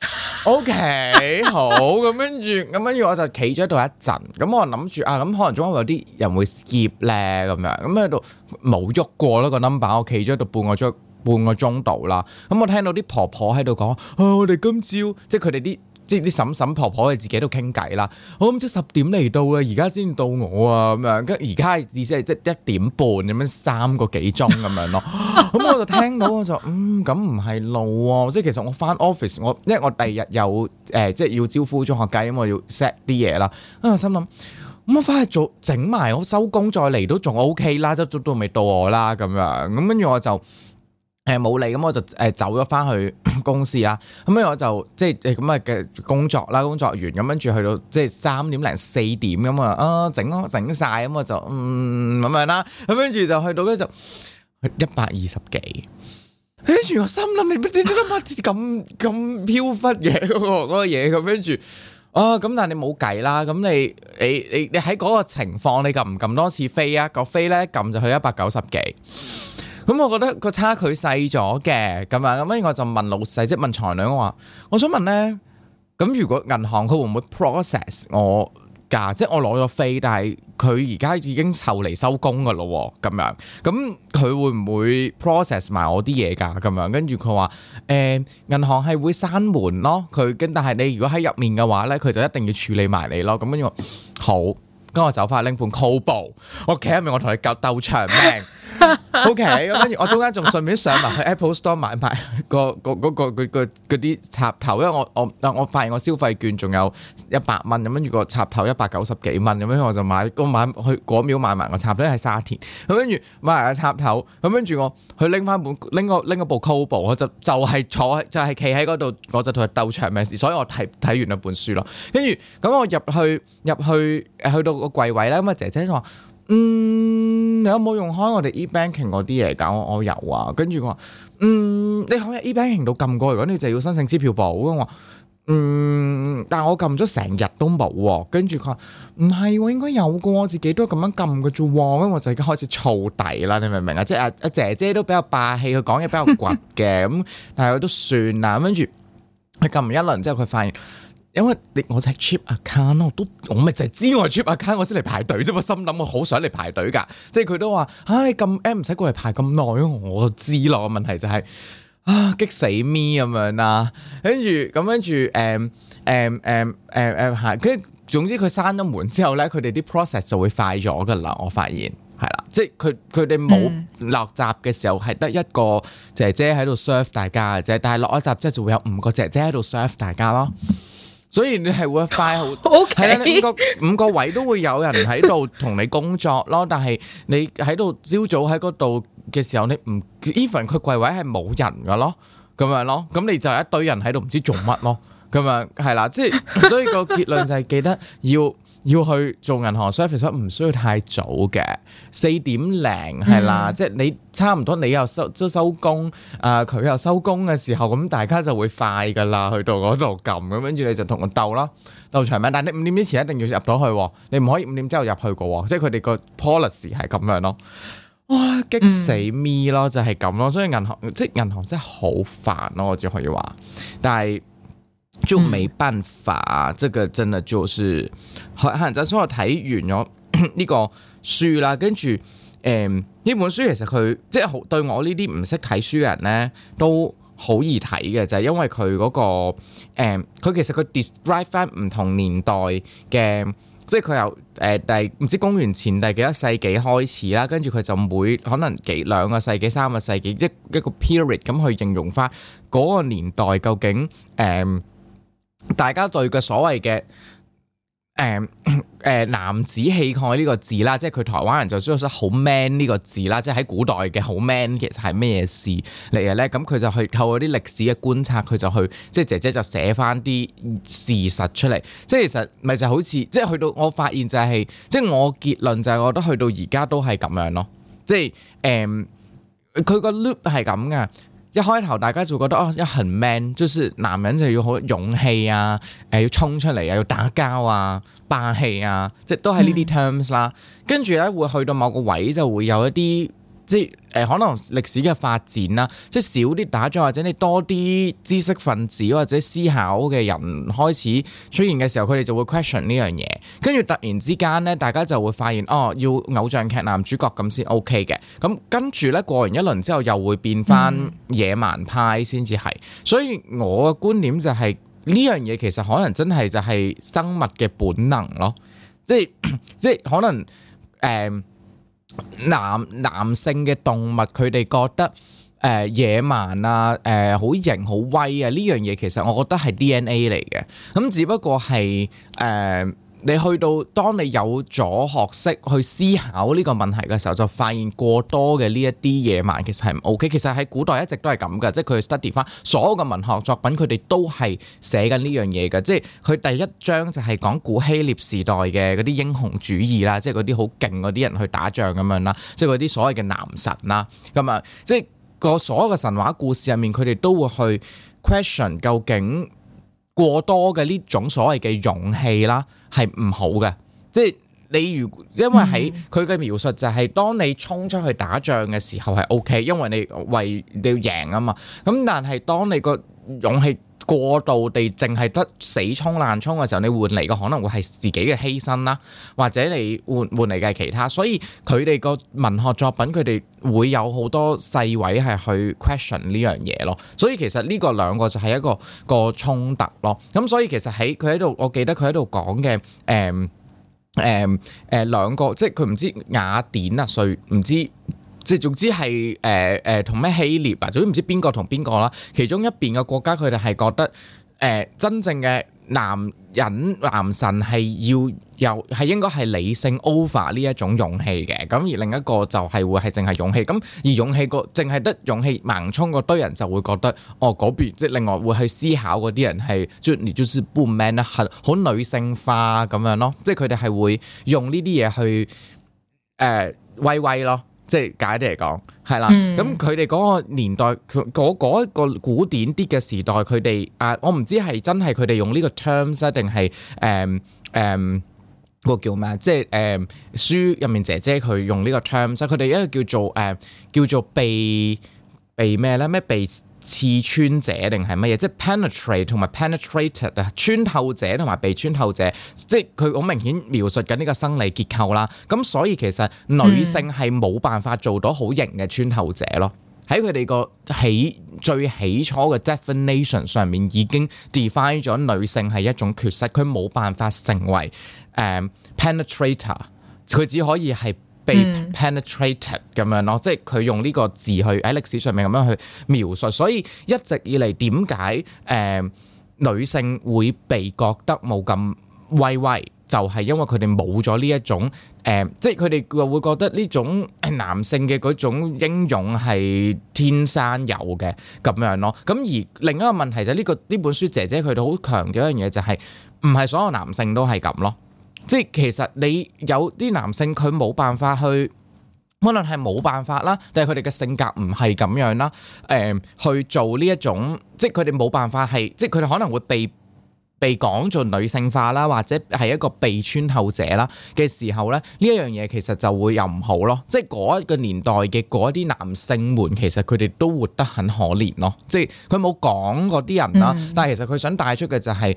o、okay, K，好，咁跟住，咁跟住，我就企咗喺度一陣，咁我諗住啊，咁可能中間會有啲人會 skip 咧，咁樣，咁喺度冇喐過咯個 number，我企咗喺度半個鐘，半個鐘度啦，咁我聽到啲婆婆喺度講啊，我哋今朝即係佢哋啲。即係啲嬸嬸婆婆，你自己都度傾偈啦。咁即係十點嚟到啊，而家先到我啊咁樣。而家意思係即係一點半咁樣，樣，三個幾鐘咁樣咯。咁、嗯 嗯、我就聽到我就嗯，咁唔係路喎、啊。即係其實我翻 office，我，我、呃、因為我第二日有誒，即係要招呼中學雞，咁我要 set 啲嘢啦。啊，心諗咁我翻去做，做整埋，我收工再嚟都仲 OK 啦，都都都未到我啦咁樣。咁跟住我就。誒冇理，咁我就誒走咗翻去公司啦，咁樣我就即係咁啊嘅工作啦，工作完咁跟住去到即係三點零四點咁啊，啊整啊整晒，咁、哦、我就嗯咁樣啦，咁跟住就去到咧就一百二十幾，跟住我心諗你點點點乜咁咁飄忽嘅嗰個嘢，咁跟住啊，咁、哦、但係你冇計啦，咁你你你你喺嗰個情況，你撳唔撳多次飛啊？個飛咧撳就去一百九十幾。咁、嗯、我覺得個差距細咗嘅，咁啊咁，跟住我就問老細，即係問財兩我話，我想問咧，咁如果銀行佢會唔會 process 我㗎？即係我攞咗飛，但係佢而家已經收嚟收工㗎咯，咁樣，咁佢會唔會 process 埋我啲嘢㗎？咁樣，跟住佢話，誒、欸，銀行係會閂門咯，佢，咁但係你如果喺入面嘅話咧，佢就一定要處理埋你咯。咁跟住我好，跟我走翻去拎盤 couple 我企喺面，我同你鬥鬥長命。 O K，咁跟住我中間仲順便上埋去 Apple Store 買埋、嗰個個嗰個個啲插頭，因為我我啊我發現我消費券仲有一百蚊，咁跟住個插頭一百九十幾蚊，咁樣我就買我買去果廟買埋個插頭喺沙田，咁跟住買埋個插頭，咁跟住我去拎翻本拎個拎部 Kobo 我就就係坐就係企喺嗰度，我就同佢鬥長命咩事，所以我睇睇完一本書咯，跟住咁我入去入去去到個櫃位啦。咁啊姐姐就話嗯。你有冇用開我哋 e banking 嗰啲嘢搞？我有啊，跟住佢話，嗯，你可以 e banking 到撳過，如果你就要申請支票簿嘅話，嗯，但係我撳咗成日都冇，跟住佢話唔係，應該有個，我自己都咁樣撳嘅啫，咁我就已經開始燥底啦，你明唔明啊？即係阿阿姐姐都比較霸氣，佢講嘢比較倔嘅，咁但係我都算啦，跟住佢撳完一輪之後，佢發現。因為你我就係 cheap account，我都我咪就係知我 cheap account 我先嚟排隊啫，我心諗我好想嚟排隊噶，即係佢都話嚇、啊、你咁 M 唔使過嚟排咁耐咯。我就知咯，問題就係、是、啊，激死 me 咁樣啦。跟住咁跟住誒誒誒誒誒嚇。跟住、嗯嗯嗯嗯嗯嗯、總之佢閂咗門之後咧，佢哋啲 process、er、就會快咗噶啦。我發現係啦，即係佢佢哋冇落閘嘅時候係得一個姐姐喺度 serve 大家嘅啫，但係落一閘之後就會有五個姐姐喺度 serve 大家咯。所以你係會快好，係啦 Okay?，五個五個位都會有人喺度同你工作咯。但係你喺度朝早喺嗰度嘅時候，你唔 even 佢櫃位係冇人噶咯，咁樣咯。咁你就一堆人喺度唔知做乜咯，咁樣係啦。即係所以個結論就係記得要。 要去做銀行 service 唔需要太早嘅，四點零係啦，嗯、即係你差唔多你又收都收工，誒、呃、佢又收工嘅時候，咁大家就會快噶啦，去到嗰度撳，咁跟住你就同佢鬥啦，鬥長命。但係你五點之前一定要入到去喎，你唔可以五點之後入去㗎喎，即係佢哋個 policy 係咁樣咯。哇，激死咪 e 咯，就係咁咯，所以銀行、嗯、即係銀行真係好煩咯，我只可以話，但係。就冇辦法，嗯、這個真的就是，可能就所以我睇完咗呢個書啦，跟住誒呢本書其實佢即係好對我呢啲唔識睇書嘅人咧，都好易睇嘅，就係因為佢嗰、嗰個誒佢、嗯、其實佢 describe 唔同年代嘅，即係佢由誒第唔知公元前第幾多世紀開始啦，跟住佢就每可能幾兩個世紀、三個世紀，即係一個 period 咁去形容翻嗰個年代究竟誒。嗯大家對嘅所謂嘅誒誒男子氣概呢個字啦，即係佢台灣人就知道咗好 man 呢個字啦，即係喺古代嘅好 man 其實係咩事嚟嘅咧？咁佢就去透過啲歷史嘅觀察，佢就去即係姐姐就寫翻啲事實出嚟。即係其實咪就好似即係去到我發現就係、是、即係我結論就係，我覺得去到而家都係咁樣咯。即係誒，佢、呃、個 loop 係咁嘅。一開頭大家就會覺得哦，一很 man，就是男人就要好勇氣啊，誒、呃、要衝出嚟啊，要打交啊，霸氣啊，即都係呢啲 terms 啦。嗯、跟住呢，會去到某個位就會有一啲。即係、呃、可能歷史嘅發展啦，即係少啲打仗，或者你多啲知識分子或者思考嘅人開始出現嘅時候，佢哋就會 question 呢樣嘢。跟住突然之間呢，大家就會發現哦，要偶像劇男主角咁先 OK 嘅。咁、嗯嗯、跟住呢，過完一輪之後，又會變翻野蠻派先至係。所以我嘅觀點就係、是、呢樣嘢其實可能真係就係生物嘅本能咯。即係即係可能誒。呃男男性嘅動物，佢哋覺得誒、呃、野蠻啊，誒、呃、好型好威啊，呢樣嘢其實我覺得係 DNA 嚟嘅，咁只不過係誒。呃你去到，當你有咗學識去思考呢個問題嘅時候，就發現過多嘅呢一啲野蠻其實係唔 OK。其實喺古代一直都係咁嘅，即係佢 study 翻所有嘅文學作品，佢哋都係寫緊呢樣嘢嘅。即係佢第一章就係講古希臘時代嘅嗰啲英雄主義啦，即係嗰啲好勁嗰啲人去打仗咁樣啦，即係嗰啲所謂嘅男神啦，咁啊，即係個所有嘅神話故事入面，佢哋都會去 question 究竟。過多嘅呢種所謂嘅勇氣啦，係唔好嘅。即係你如因為喺佢嘅描述就係，當你衝出去打仗嘅時候係 OK，因為你為你要贏啊嘛。咁但係當你個勇氣過度地淨係得死衝爛衝嘅時候，你換嚟嘅可能會係自己嘅犧牲啦，或者你換換嚟嘅係其他，所以佢哋個文學作品佢哋會有好多細位係去 question 呢樣嘢咯，所以其實呢個兩個就係一個個衝突咯，咁所以其實喺佢喺度，我記得佢喺度講嘅誒誒誒兩個，即係佢唔知雅典啊，誰唔知？即係總之係誒誒同咩希臘啊？總之唔、呃呃、知邊個同邊個啦。其中一邊嘅國家，佢哋係覺得誒、呃、真正嘅男人男神係要有係應該係理性 over 呢一種勇氣嘅。咁而另一個就係會係淨係勇氣。咁而勇氣個淨係得勇氣盲衝嗰堆人就會覺得哦，嗰邊即係另外會去思考嗰啲人係，即你，就是半 m a n 啦，好女性化咁樣咯。即係佢哋係會用呢啲嘢去誒、呃、威威咯。即係假啲嚟講，係啦。咁佢哋嗰個年代，佢嗰一個古典啲嘅時代，佢哋啊，我唔知係真係佢哋用呢個 terms 啦，定係誒誒個叫咩？即係誒、嗯、書入面姐姐佢用呢個 terms，佢哋一個叫做誒、啊、叫做被被咩咧？咩被？刺穿者定係乜嘢？即係 penetrate 同埋 penetrated 啊，穿透者同埋被穿透者，即係佢好明顯描述緊呢個生理結構啦。咁所以其實女性係冇辦法做到好型嘅穿透者咯。喺佢哋個起最起初嘅 definition 上面，已經 define 咗女性係一種缺失，佢冇辦法成為誒、um，penetrator，佢只可以係。被 penetrated 咁樣咯，即係佢用呢個字去喺歷史上面咁樣去描述，所以一直以嚟點解誒女性會被覺得冇咁威威，就係、是、因為佢哋冇咗呢一種誒、呃，即係佢哋會會覺得呢種男性嘅嗰種英勇係天生有嘅咁樣咯。咁而另一個問題就係、是、呢、這個呢本書姐姐佢哋好強調一樣嘢就係、是，唔係所有男性都係咁咯。即係其實你有啲男性佢冇辦法去，可能係冇辦法啦，但係佢哋嘅性格唔係咁樣啦。誒、呃，去做呢一種，即係佢哋冇辦法係，即係佢哋可能會被被講做女性化啦，或者係一個被穿透者啦嘅時候咧，呢一樣嘢其實就會又唔好咯。即係嗰一個年代嘅嗰啲男性們，其實佢哋都活得很可憐咯。即係佢冇講嗰啲人啦，嗯、但係其實佢想帶出嘅就係、是。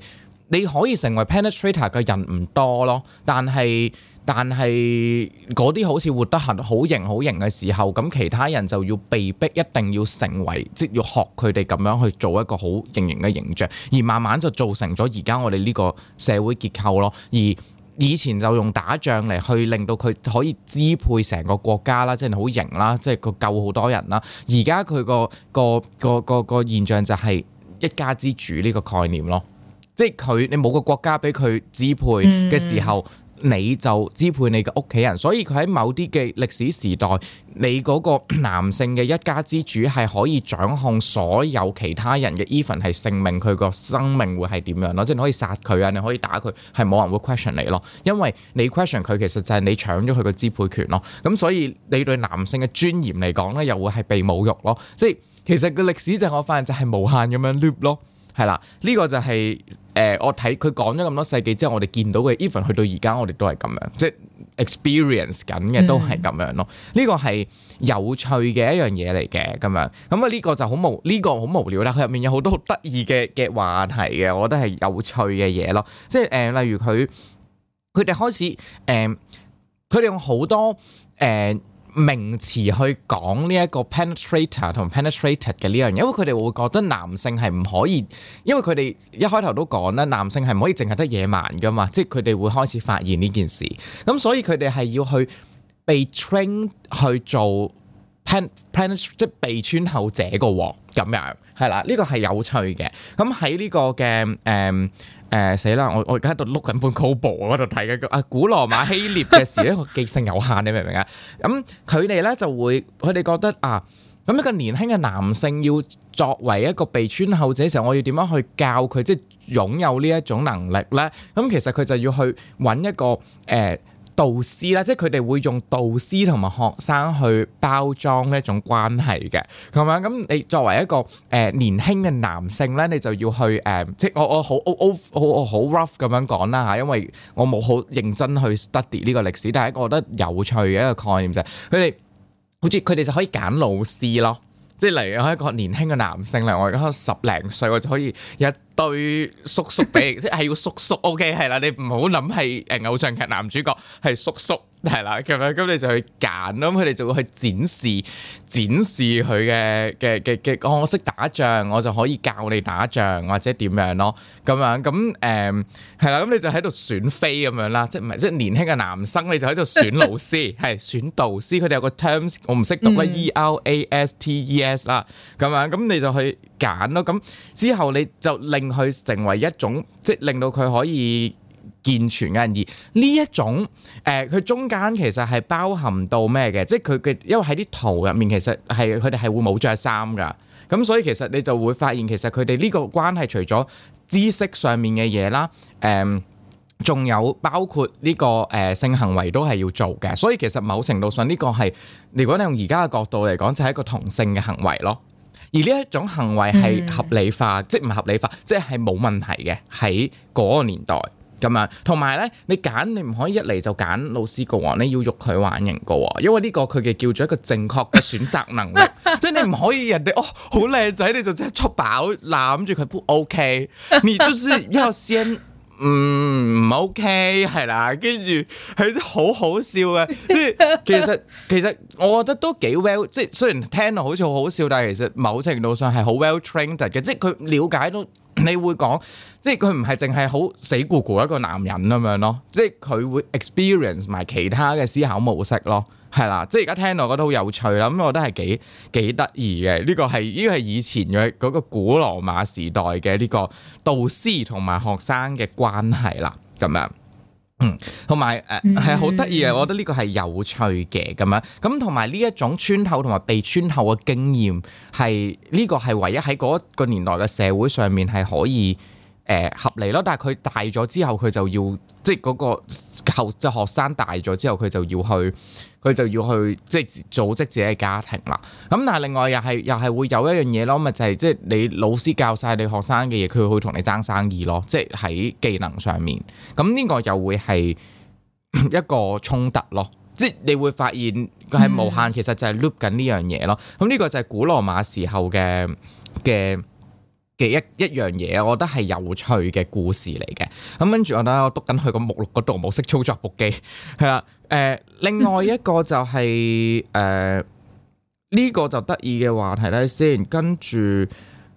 你可以成為 penetrator 嘅人唔多咯，但係但係嗰啲好似活得很好型好型嘅時候，咁其他人就要被逼一定要成為，即要學佢哋咁樣去做一個好型型嘅形象，而慢慢就造成咗而家我哋呢個社會結構咯。而以前就用打仗嚟去令到佢可以支配成個國家啦，即係好型啦，即係佢救好多人啦。而家佢個、嗰個、嗰個、嗰個、嗰個現象就係一家之主呢個概念咯。即係佢，你冇個國家俾佢支配嘅時候，嗯、你就支配你嘅屋企人。所以佢喺某啲嘅歷史時代，你嗰個男性嘅一家之主係可以掌控所有其他人嘅 even 係性命，佢個生命會係點樣咯？即係你可以殺佢啊，你可以打佢，係冇人會 question 你咯。因為你 question 佢，其實就係你搶咗佢個支配權咯。咁所以你對男性嘅尊嚴嚟講咧，又會係被侮辱咯。即係其實個歷史就我發現就係無限咁樣 loop 咯，係啦，呢、這個就係、是。誒、呃，我睇佢講咗咁多世紀之後，我哋見到嘅，even 去到而家，我哋都係咁樣，即係 experience 緊嘅都係咁樣咯。呢個係有趣嘅一樣嘢嚟嘅，咁樣咁啊，呢個就好無，呢個好無聊啦。佢入面有好多好得意嘅嘅話題嘅，我覺得係有趣嘅嘢咯。即係誒、呃，例如佢佢哋開始誒，佢哋用好多誒。呃名詞去講呢一個 penetrator 同 penetrated 嘅呢樣嘢，因為佢哋會覺得男性係唔可以，因為佢哋一開頭都講啦，男性係唔可以淨係得野蠻噶嘛，即係佢哋會開始發現呢件事，咁所以佢哋係要去被 train 去做 pen p e n 即係被穿透者嘅喎，咁樣係啦，呢、這個係有趣嘅，咁喺呢個嘅誒。嗯誒，死啦、呃！我在在我而家喺度碌緊本 c o 我喺度睇緊啊古羅馬 希臘嘅事咧，我記性有限，你明唔明啊？咁佢哋咧就會，佢哋覺得啊，咁一個年輕嘅男性要作為一個被穿後者嘅時候，我要點樣去教佢，即係擁有呢一種能力咧？咁其實佢就要去揾一個誒。呃導師啦，即係佢哋會用導師同埋學生去包裝呢一種關係嘅，咁樣，咁你作為一個誒、呃、年輕嘅男性咧，你就要去誒、呃，即係我我好、哦哦、好，好，好，好 rough 咁樣講啦嚇，因為我冇好認真去 study 呢個歷史，但係我覺得有趣嘅一個概念就係佢哋好似佢哋就可以揀老師咯，即係例如一個年輕嘅男性嚟，我而家十零歲，我就可以一。對叔叔，俾即係要叔叔，OK 係啦。你唔好諗係誒偶像劇男主角係叔叔係啦，係咪？咁你就去揀咯，咁佢哋就會去展示展示佢嘅嘅嘅嘅。我識打仗，我就可以教你打仗或者點樣咯。咁啊咁誒係啦。咁、嗯嗯、你就喺度選飛咁樣啦，即係唔係即係年輕嘅男生，你就喺度選老師，係 選導師。佢哋有個 terms，我唔識讀啦、嗯、E R A S T E S 啦。咁啊咁你就去。揀咯，咁之後你就令佢成為一種，即係令到佢可以健全嘅人。而呢一種誒，佢中間其實係包含到咩嘅？即係佢嘅，因為喺啲圖入面其實係佢哋係會冇著衫㗎。咁所以其實你就會發現，其實佢哋呢個關係除咗知識上面嘅嘢啦，誒，仲有包括呢個誒性行為都係要做嘅。所以其實某程度上呢個係，如果你用而家嘅角度嚟講，就係一個同性嘅行為咯。而呢一種行為係合，mm. 合理化，即唔合理化，即係冇問題嘅，喺嗰個年代咁樣。同埋咧，你揀，你唔可以一嚟就揀老師個喎，你要喐佢玩型個喎，因為呢個佢嘅叫做一個正確嘅選擇能力， 即係你唔可以人哋哦好靚仔你就即刻出爆攬住佢，不 OK，你都是要先。唔、嗯、OK，係啦，跟住佢好好笑嘅，即係其實其實我覺得都幾 well，即係雖然聽落好似好好笑，但係其實某程度上係好 well trained 嘅，即係佢了解到。你會講，即係佢唔係淨係好死咕咕一個男人咁樣咯，即係佢會 experience 埋其他嘅思考模式咯，係啦，即係而家聽落覺得好有趣啦，咁我覺得係幾幾得意嘅，呢個係呢個係以前嘅嗰個古羅馬時代嘅呢個導師同埋學生嘅關係啦，咁樣。嗯，同埋誒係好得意嘅，我覺得呢個係有趣嘅咁樣。咁同埋呢一種穿透同埋被穿透嘅經驗，係呢個係唯一喺嗰個年代嘅社會上面係可以誒、呃、合理咯。但係佢大咗之後，佢就要。即係嗰個後即學生大咗之後，佢就要去，佢就要去即係組織自己嘅家庭啦。咁但係另外又係又係會有一樣嘢咯，咪就係即係你老師教晒你學生嘅嘢，佢會同你爭生意咯。即係喺技能上面，咁呢個又會係一個衝突咯。即係你會發現佢係無限，嗯、其實就係 loop 緊呢樣嘢咯。咁呢個就係古羅馬時候嘅嘅。嘅一一樣嘢，我覺得係有趣嘅故事嚟嘅。咁跟住我咧，我讀緊佢個目錄嗰度，冇識操作部機，係啊。誒、呃，另外一個就係誒呢個就得意嘅話題咧先看看。跟住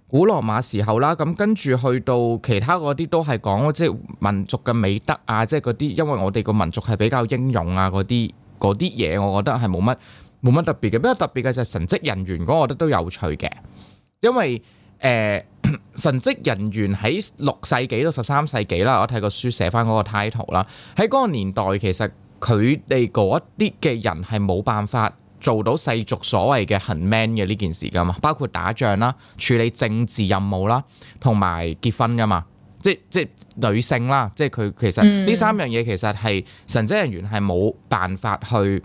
古羅馬時候啦，咁跟住去到其他嗰啲都係講即係民族嘅美德啊，即係嗰啲因為我哋個民族係比較英勇啊嗰啲嗰啲嘢，我覺得係冇乜冇乜特別嘅。比較特別嘅就係神職人員嗰個，我覺得都有趣嘅，因為誒。呃神職人員喺六世紀到十三世紀啦，我睇個書寫翻嗰個 title 啦。喺嗰個年代，其實佢哋嗰一啲嘅人係冇辦法做到世俗所謂嘅 human 嘅呢件事噶嘛，包括打仗啦、處理政治任務啦、同埋結婚噶嘛，即係即係女性啦，即係佢其實呢、嗯、三樣嘢其實係神職人員係冇辦法去。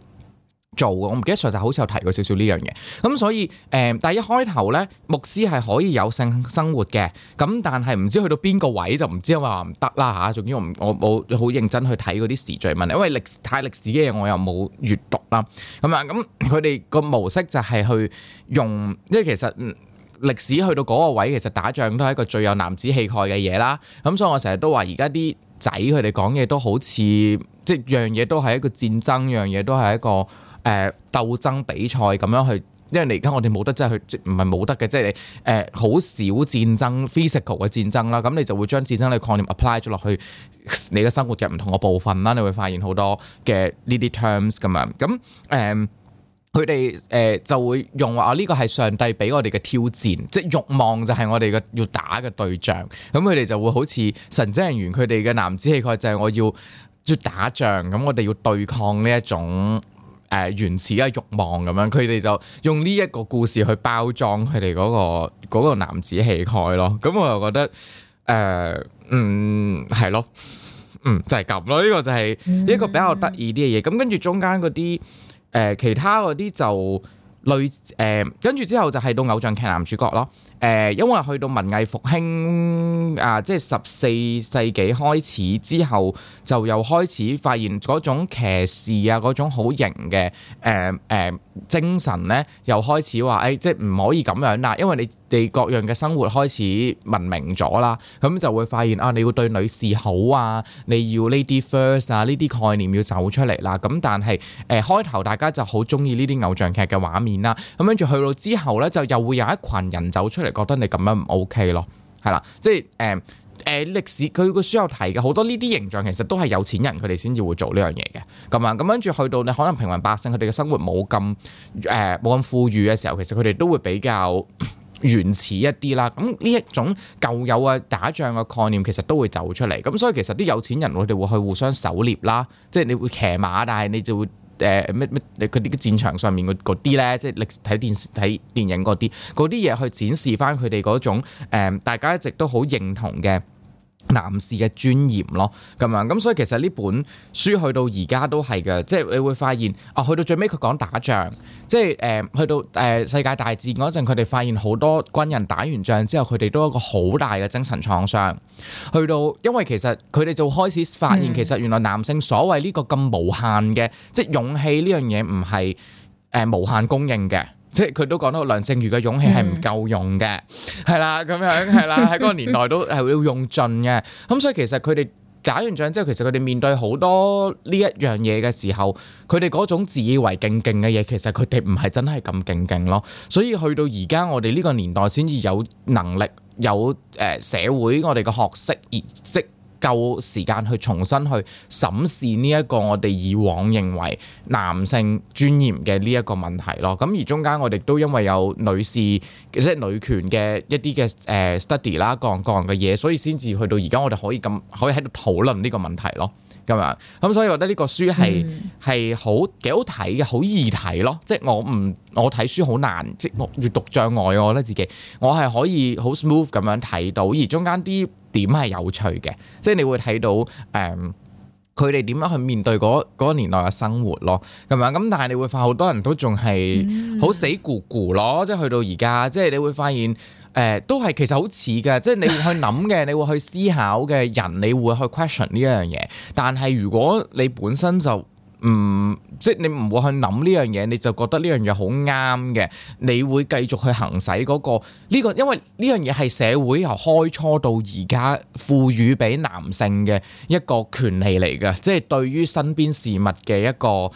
做我唔記得上集好似有提過少少呢樣嘢。咁、嗯、所以誒、呃，但一開頭呢，牧師係可以有性生活嘅。咁但係唔知去到邊個位就唔知話唔得啦嚇。總之我冇好認真去睇嗰啲時序問題，因為歷太歷史嘅嘢我又冇閱讀啦。咁、嗯、啊，咁佢哋個模式就係去用，即係其實歷、嗯、史去到嗰個位，其實打仗都係一個最有男子氣概嘅嘢啦。咁、嗯、所以我成日都話，而家啲仔佢哋講嘢都好似即係樣嘢都係一個戰爭，樣嘢都係一個。誒、呃、鬥爭比賽咁樣去，因為你而家我哋冇得即係去，唔係冇得嘅，即係你誒好少戰爭 physical 嘅戰爭啦。咁你就會將戰爭嘅概念 apply 咗落去你嘅生活嘅唔同嘅部分啦。你會發現好多嘅呢啲 terms 咁樣。咁誒，佢哋誒就會用話啊呢個係上帝俾我哋嘅挑戰，即係慾望就係我哋嘅要打嘅對象。咁佢哋就會好似神職人員佢哋嘅男子氣概就係我要要打仗。咁我哋要對抗呢一種。誒原始嘅欲望咁樣，佢哋就用呢一個故事去包裝佢哋嗰個嗰個男子氣概咯。咁我又覺得誒、呃，嗯，係咯，嗯，就係咁咯。呢、這個就係一個比較得意啲嘅嘢。咁跟住中間嗰啲誒其他嗰啲就類誒、呃，跟住之後就係到偶像劇男主角咯。誒，因為去到文藝復興啊，即係十四世紀開始之後，就又開始發現種種騎士啊，種種好型嘅誒誒精神咧，又開始話誒、哎、即係唔可以咁樣啦，因為你哋各樣嘅生活開始文明咗啦，咁就會發現啊，你要對女士好啊，你要 lady first 啊，呢啲概念要走出嚟啦。咁但係誒、呃、開頭大家就好中意呢啲偶像劇嘅畫面啦，咁跟住去到之後咧，就又會有一群人走出嚟。覺得你咁樣唔 OK 咯，係啦，即係誒誒，歷、呃呃、史佢個書有提嘅，好多呢啲形象其實都係有錢人佢哋先至會做呢樣嘢嘅，咁樣，咁跟住去到你可能平民百姓，佢哋嘅生活冇咁誒冇咁富裕嘅時候，其實佢哋都會比較原始一啲啦，咁呢一種舊有嘅打仗嘅概念，其實都會走出嚟，咁所以其實啲有錢人佢哋會去互相狩獵啦，即係你會騎馬，但係你就會。誒咩咩，佢啲嘅戰場上面嗰啲咧，即係睇電視睇電影嗰啲，嗰啲嘢去展示翻佢哋嗰種誒、呃，大家一直都好認同嘅。男士嘅尊嚴咯，咁樣，咁所以其實呢本書去到而家都係嘅，即係你會發現啊，去到最尾佢講打仗，即係誒、呃、去到誒、呃、世界大戰嗰陣，佢哋發現好多軍人打完仗之後，佢哋都有一個好大嘅精神創傷。去到因為其實佢哋就開始發現，嗯、其實原來男性所謂呢個咁無限嘅即係勇氣呢樣嘢，唔係誒無限供應嘅。即係佢都講到梁靜茹嘅勇氣係唔夠用嘅，係啦、嗯，咁樣係啦，喺嗰個年代都係會用盡嘅。咁 所以其實佢哋打完仗之後，其實佢哋面對好多呢一樣嘢嘅時候，佢哋嗰種自以為勁勁嘅嘢，其實佢哋唔係真係咁勁勁咯。所以去到而家我哋呢個年代，先至有能力有誒社會我哋嘅學識知識。夠時間去重新去審視呢一個我哋以往認為男性尊嚴嘅呢一個問題咯，咁而中間我哋都因為有女士即係女權嘅一啲嘅誒 study 啦，各樣各樣嘅嘢，所以先至去到而家我哋可以咁可以喺度討論呢個問題咯。咁樣，咁所以我覺得呢個書係係、嗯、好幾好睇嘅，好易睇咯。即係我唔我睇書好難，即係我閱讀障礙。我覺得自己我係可以好 smooth 咁樣睇到，而中間啲點係有趣嘅。即係你會睇到誒，佢哋點樣去面對嗰、嗰個嗰個年代嘅生活咯，係咪啊？咁但係你會發現好多人都仲係好死固固咯，嗯、即係去到而家，即係你會發現。誒都係其實好似嘅，即係你會去諗嘅，你會去思考嘅人，你會去 question 呢一樣嘢。但係如果你本身就唔、嗯、即係你唔會去諗呢樣嘢，你就覺得呢樣嘢好啱嘅，你會繼續去行使嗰、嗰個呢、呢個，因為呢樣嘢係社會由開初到而家賦予俾男性嘅一個權利嚟嘅，即係對於身邊事物嘅一個。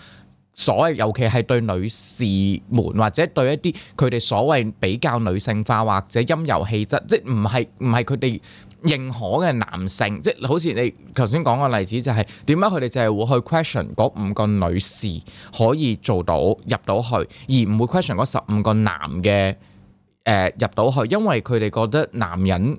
所謂尤其係對女士們，或者對一啲佢哋所謂比較女性化或者陰柔氣質，即唔係唔係佢哋認可嘅男性，即好似你頭先講個例子、就係，就係點解佢哋就係會去 question 嗰五個女士可以做到入到去，而唔會 question 嗰十五個男嘅誒、呃、入到去，因為佢哋覺得男人。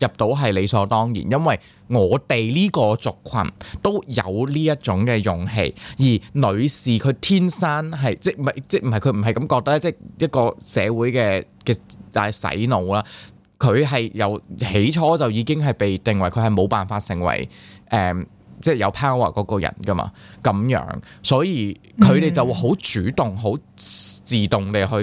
入到係理所當然，因為我哋呢個族群都有呢一種嘅勇氣，而女士佢天生係即唔係即唔係佢唔係咁覺得咧，即一個社會嘅嘅大洗腦啦，佢係由起初就已經係被定為佢係冇辦法成為誒、呃、即有 power 嗰個人噶嘛，咁樣，所以佢哋就會好主動、好、嗯、自動地去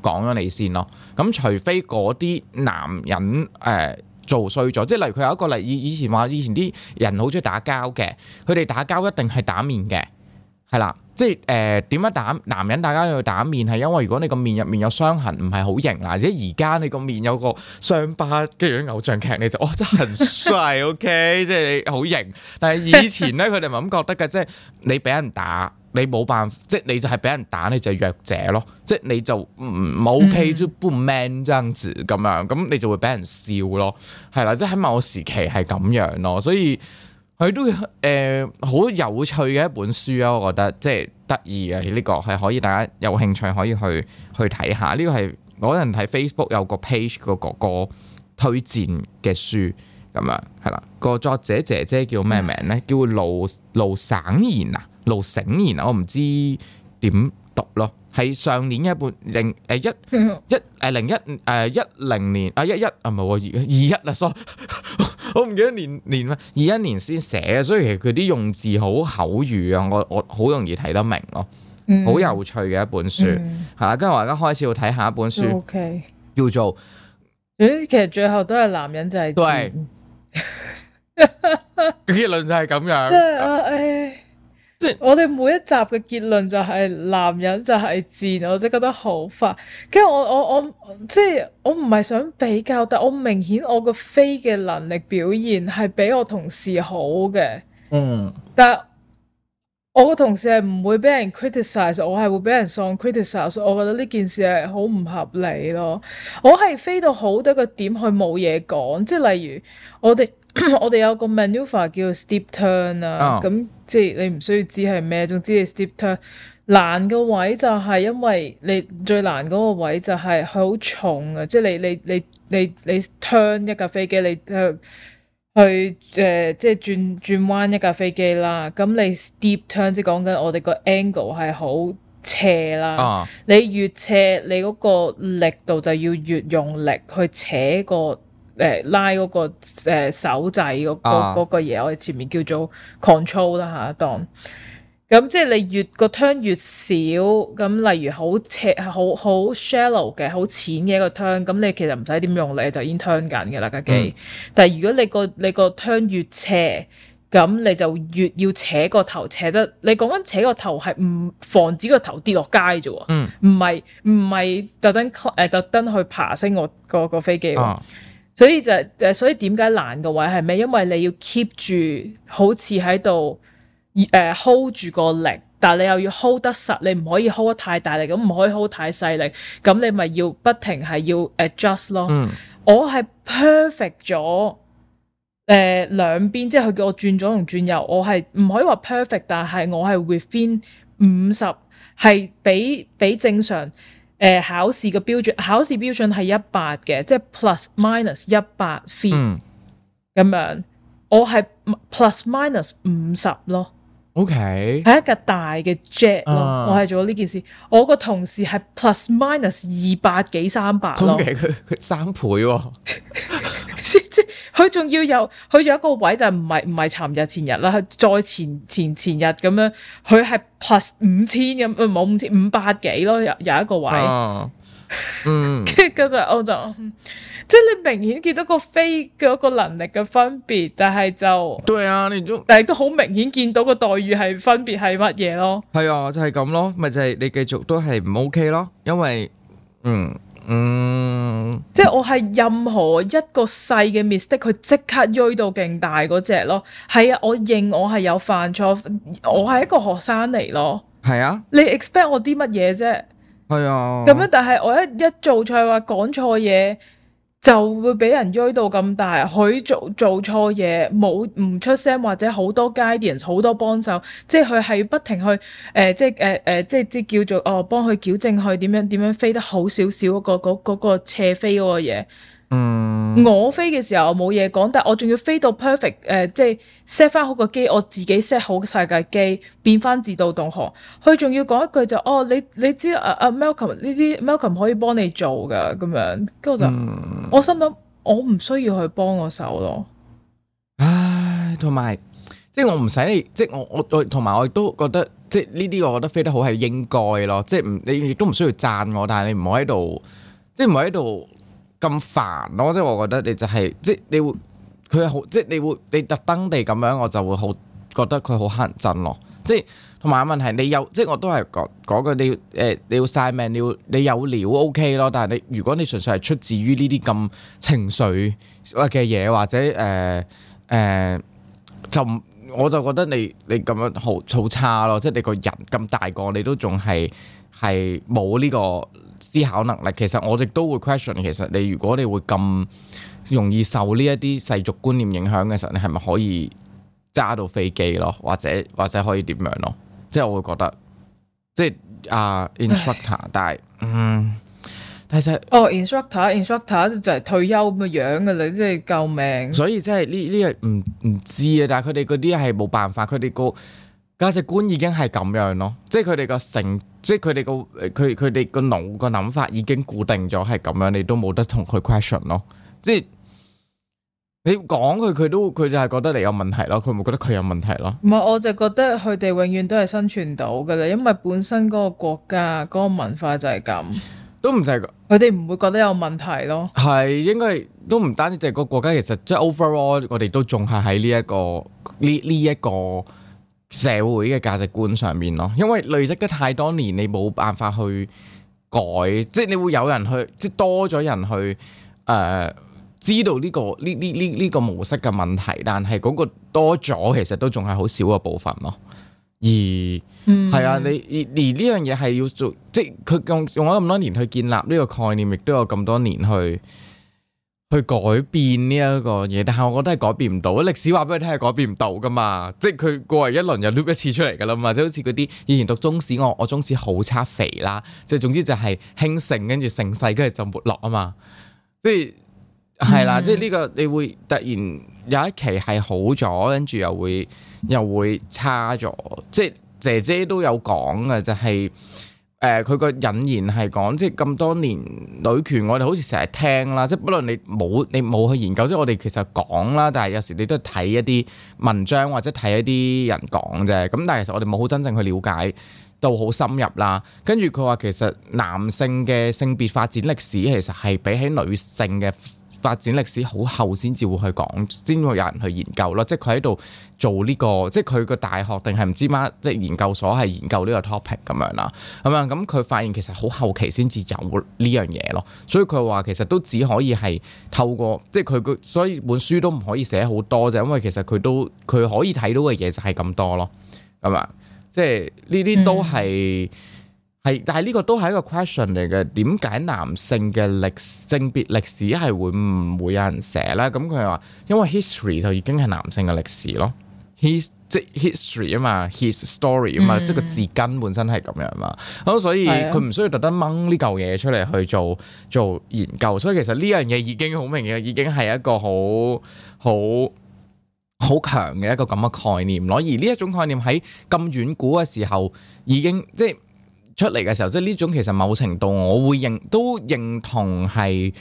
講咗你先咯。咁除非嗰啲男人誒。呃做衰咗，即係例如佢有一個例以以前話以前啲人好中意打交嘅，佢哋打交一定係打面嘅，係啦，即係誒點解打男人打交要打面？係因為如果你個面入面有傷痕唔係好型嗱，而且而家你個面有個傷疤跟住啲偶像劇你就我真係唔帥，OK，即係你好型，但係以前咧佢哋唔係咁覺得嘅，即係你俾人打。你冇辦法，即係你就係俾人打，你就弱者咯，即係你就唔 OK 做 man 張紙咁樣，咁、嗯嗯、你就會俾人笑咯，係啦，即係喺某個時期係咁樣咯，所以佢都誒好、呃、有趣嘅一本書啊，我覺得即係得意啊，呢、這個係可以大家有興趣可以去去睇下，呢、這個係人喺 Facebook 有個 page 個哥哥推薦嘅書，咁樣係啦，個作者姐姐，姐叫咩名咧？嗯、叫盧盧省賢啊。路醒然，我唔知點讀咯。係上年一本，零誒一一誒零、啊、一誒一零年啊一一啊唔係二二一啊，sorry 我唔記得年年啦，二一年先寫，所以其實佢啲用字好口語啊，我我好容易睇得明咯，好、嗯、有趣嘅一本書吓。跟住、嗯嗯、我而家開始要睇下一本書，Okay. 叫做誒，其實最後都係男人就係、是、對， 結論就係咁樣。 哎即係我哋每一集嘅結論就係男人就係賤，我即係覺得好煩。跟住我我我，我即係我唔係想比較，但我明顯我個飛嘅能力表現係比我同事好嘅。嗯，但係我個同事係唔會俾人 criticise，我係會俾人送 criticise。我覺得呢件事係好唔合理咯。我係飛到好多個點去冇嘢講，即係例如我哋我哋有個 maneuver 叫 steep turn 啊、哦。咁、嗯。即係你唔需要知係咩，總之你 steep turn 難個位就係因為你最難嗰個位就係佢好重啊！即係你你你你你 turn 一架飛機，你去誒、呃、即係轉轉彎一架飛機啦。咁你 steep turn 即係講緊我哋個 angle 係好斜啦。啊、你越斜，你嗰個力度就要越用力去扯個。誒、呃、拉嗰、那個、呃、手掣嗰、那、嗰個嘢、啊，我哋前面叫做 control 啦嚇，當咁即係你越個 turn 越少，咁例如好斜、好好 shallow 嘅、好淺嘅一個 turn，咁你其實唔使點用力就已經 turn 緊嘅啦架機。嗯、但係如果你個你個 turn 越斜，咁你就越要扯個頭，扯得你講緊扯個頭係唔防止個頭跌落街啫喎，唔係唔係特登誒特登去爬升我嗰個飛機。啊。所以就誒，所以點解難嘅位係咩？因為你要 keep 住好似喺度誒 hold 住個力，但係你又要 hold 得實，你唔可以 hold 得太大力，咁唔可以 hold 太細力，咁你咪要不停係要 adjust 咯。嗯、我係 perfect 咗誒兩邊，即係佢叫我轉左同轉右，我係唔可以話 perfect，但係我係 within 五十，係比比正常。誒，考試嘅標準，考試標準係一百嘅，即係 plus minus 一百 feet 咁、嗯、樣。我係 plus minus 五十咯。OK，係一架大嘅 jet 咯。啊、我係做呢件事。我個同事係 plus minus 二百幾三百，佢佢三倍、哦。 佢仲要有佢有一個位就唔係唔係尋日前日啦，佢再前前前日咁樣，佢係 plus 5000,、嗯、五千咁，唔冇五千五百幾咯，有一個位、啊，嗯，跟住 我就，即係你明顯見到個飛嗰個能力嘅分別，但係就，對啊，你都，但係都好明顯見到個待遇係分別係乜嘢咯，係啊，就係、是、咁咯，咪就係你繼續都係唔 ok 咯，因為，嗯。嗯，即係我係任何一個細嘅 mistake，佢即刻堆到勁大嗰隻咯。係啊，我認我係有犯錯，我係一個學生嚟咯。係啊，你 expect 我啲乜嘢啫？係啊，咁樣，但係我一一做錯話講錯嘢，就會俾人追到咁大，佢做做錯嘢冇唔出聲，或者好多 guidance，好多幫手，即係佢係不停去誒、呃，即係誒誒，即、呃、係即叫做哦，幫佢矯正佢點樣點樣飛得好少少嗰個嗰、嗰個斜飛嗰個嘢。嗯，我飛嘅時候我冇嘢講，但係我仲要飛到 perfect，誒、呃，即係 set 翻好個機，我自己 set 好世界機，變翻自動導航。佢仲要講一句就，哦，你你知啊阿 Mel o 琴，呢啲 Mel o 琴可以幫你做噶咁樣，跟住我就，嗯、我心諗我唔需要佢幫我手咯。唉，同埋即係我唔使，你，即係我我同埋我亦都覺得，即係呢啲我覺得飛得好係應該咯，即係唔你亦都唔需要讚我，但係你唔好喺度，即係唔好喺度。咁煩咯，即係我覺得你就係、是、即係你會佢係好，即係你會你特登地咁樣，我就會好覺得佢好乞人憎咯。即係同埋問題，你有即係我都係講講句你誒、呃、你要晒命，你要你有料 OK 咯。但係你如果你純粹係出自於呢啲咁情緒嘅嘢或者誒誒、呃呃、就唔。我就覺得你你咁樣好好差咯，即係你個人咁大個，你都仲係係冇呢個思考能力。其實我哋都會 question，其實你如果你會咁容易受呢一啲世俗觀念影響嘅時候，你係咪可以揸到飛機咯，或者或者可以點樣咯？即係我會覺得即係啊、uh, instructor，唉但係嗯。其實哦，instructor，instructor 就係、是 oh, instructor, instructor 退休咁嘅樣嘅啦，即係救命。所以即係呢呢個唔唔知啊，但係佢哋嗰啲係冇辦法，佢哋個價值觀已經係咁樣咯，即係佢哋個成，即係佢哋個佢佢哋個腦個諗法已經固定咗係咁樣，你都冇得同佢 question 咯，即係你講佢佢都佢就係覺得你有問題咯，佢咪覺得佢有問題咯？唔係，我就覺得佢哋永遠都係生存到嘅啦，因為本身嗰個國家嗰、那個文化就係咁。都唔係、就是，佢哋唔會覺得有問題咯。係，應該都唔單止係個國家，其實即係 overall，我哋都仲係喺呢一個呢呢一個社會嘅價值觀上面咯。因為累積得太多年，你冇辦法去改，即係你會有人去，即係多咗人去誒、呃，知道呢、呢個呢呢呢呢個模式嘅問題，但係嗰個多咗，其實都仲係好少嘅部分咯，而。嗯，係啊，你而呢樣嘢係要做，即係佢用用咗咁多年去建立呢個概念，亦都有咁多年去去改變呢一個嘢。但係我覺得係改變唔到，歷史話俾你聽係改變唔到噶嘛。即係佢過嚟一輪又 loop 一次出嚟噶啦嘛。即係好似嗰啲以前讀中史，我我中史好差肥啦。即係總之就係興盛，跟住盛世，跟住就沒落啊嘛。即係係啦，啊嗯、即係呢、這個你會突然有一期係好咗，跟住又會又會,又會差咗，即係。姐姐都有講㗎，就係誒，佢個引言係講，即係咁多年女權，我哋好似成日聽啦，即係不論你冇你冇去研究，即係我哋其實講啦，但係有時你都係睇一啲文章或者睇一啲人講啫。咁但係其實我哋冇好真正去了解到好深入啦。跟住佢話其實男性嘅性別發展歷史其實係比起女性嘅發展歷史好後先至會去講，先會有人去研究咯。即係佢喺度做呢個，即係佢個大學定係唔知乜，即係研究所係研究呢個 topic 咁樣啦。咁樣。咁佢發現其實好後期先至有呢樣嘢咯。所以佢話其實都只可以係透過，即係佢個所以本書都唔可以寫好多啫，因為其實佢都佢可以睇到嘅嘢就係咁多咯。咁樣，即係呢啲都係。係，但係呢個都係一個 question 嚟嘅。點解男性嘅歷性別歷史係會唔會有人寫咧？咁佢話因為 history 就已經係男性嘅歷史咯。his 即 history 啊嘛，his story 啊嘛，即個字根本身係咁樣嘛。咁所以佢唔需要特登掹呢嚿嘢出嚟去做做研究。所以其實呢樣嘢已經好明顯，已經係一個好好好強嘅一個咁嘅概念咯。而呢一種概念喺咁遠古嘅時候已經即。出嚟嘅時候，即係呢種其實某程度我會認都認同係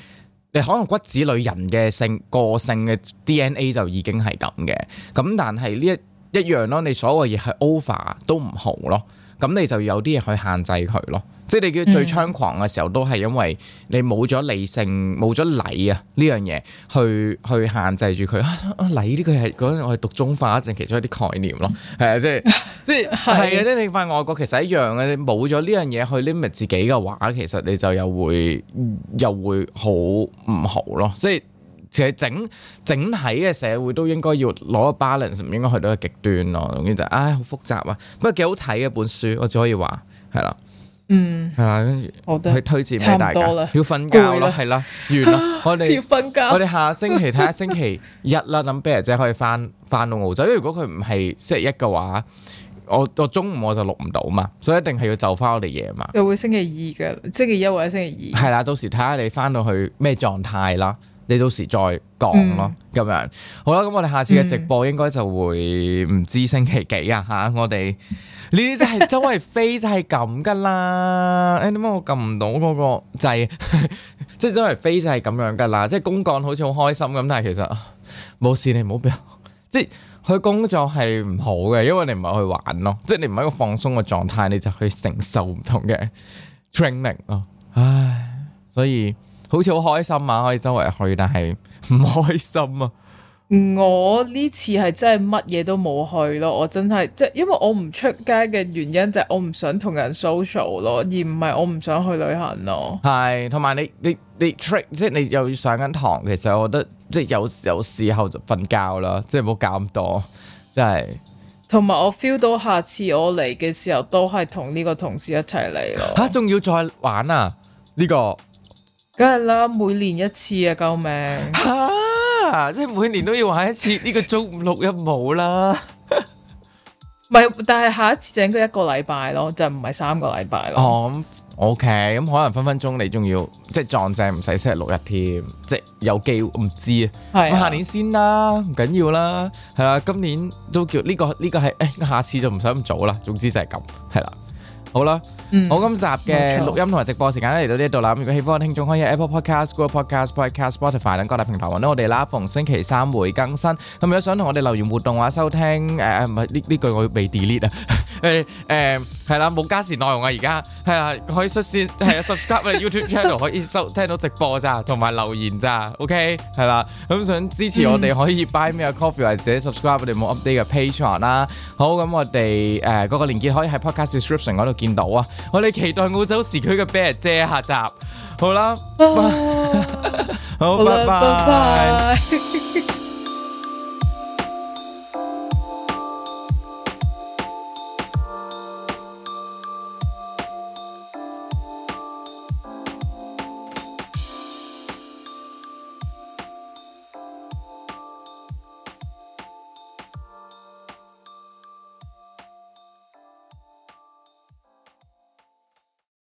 你可能骨子裏人嘅性個性嘅 DNA 就已經係咁嘅咁，但係呢一一樣咯，你所有嘢係 over 都唔好咯，咁你就有啲嘢去限制佢咯。即係你叫最猖狂嘅時候，都係因為你冇咗理性、冇咗禮啊呢樣嘢，去去限制住佢禮呢個係陣我係讀中化一，一淨其中一啲概念咯，係啊，即係即係係啊，即係你翻外國其實一樣嘅，你冇咗呢樣嘢去 limit 自己嘅話，其實你就又會又會好唔好咯，即係其實整整體嘅社會都應該要攞個 balance，唔應該去到一個極端咯，總之就唉、是、好、哎、複雜啊，不過幾好睇嘅本書，我只可以話係啦。嗯，係啦，跟住我去推薦俾大家，要瞓覺啦，係啦吧，完啦， 我哋們要瞓覺。我哋下星期睇下星期一啦，諗邊日姐可以翻翻到澳洲，因為如果佢唔係星期一嘅話，我我中午我就錄唔到嘛，所以一定係要就翻我哋夜嘛。又會星期二嘅，星期一或者星期二。係啦，到時睇下你翻到去咩狀態啦，你到時再講咯，咁、嗯、樣。好啦，咁我哋下次嘅直播應該就會唔知星期幾啊，吓、啊、我哋。呢啲就係周圍飛就係咁噶啦！哎，點解我撳唔到嗰個掣？ 即係周圍飛就係咁樣噶啦！ 即係公幹好似好開心咁，但係其實冇事你唔好俾。即係佢工作係唔好嘅，因為你唔係去玩咯。即係你唔係一個放鬆嘅狀態，你就去承受唔同嘅 training 咯。唉，所以好似好開，開心啊，可以周圍去，但係唔開心。我呢次係真係乜嘢都冇去咯，我真係即係，因為我唔出街嘅原因就係我唔想同人 social 咯，而唔係我唔想去旅行咯。係，同埋你你你 trip，即係你又要上緊堂，其實我覺得即係有有時候就瞓覺啦，即係唔好搞咁多，真係。同埋我 feel 到下次我嚟嘅時候都係同呢個同事一齊嚟咯。吓、啊，仲要再玩啊？呢、這個梗係啦，每年一次啊，救命！啊啊！即係每年都要玩一次呢、這個週五六日冇啦，唔係，但係下一次整佢一個禮拜咯，就唔係三個禮拜啦。哦、oh, okay, 嗯，咁 OK，咁可能分分鐘你仲要即係撞正，唔使星期六日添，即係有機會唔知 啊。係，下年先啦，唔緊要啦，係啊，今年都叫呢、這個呢、這個係，誒、哎，下次就唔使咁早啦。總之就係咁，係啦。好啦，好，今集嘅錄音同埋直播時間咧嚟到呢度啦。咁如果喜歡，聽眾可以 Apple Podcast、Google Podcast、Podcast Spotify 等各大平台揾到我哋啦。逢星期三會更新。咁如果想同我哋留言互動嘅話收聽，誒唔係呢呢句我要被 delete 啊？誒誒係啦，冇加時內容啊，而家係啦，可以出先係啊 subscribe 我哋 YouTube channel，可以收聽到直播咋，同埋留言咋，OK 係啦。咁想支持我哋可以 buy me a coffee 或者 subscribe 我哋冇 update 嘅 Patreon 啦。好，咁我哋誒嗰個連結可以喺 podcast description 嗰度見。見到啊。我哋期待澳洲時區嘅 Bear 姐下集。好啦，Bye. 好，拜拜。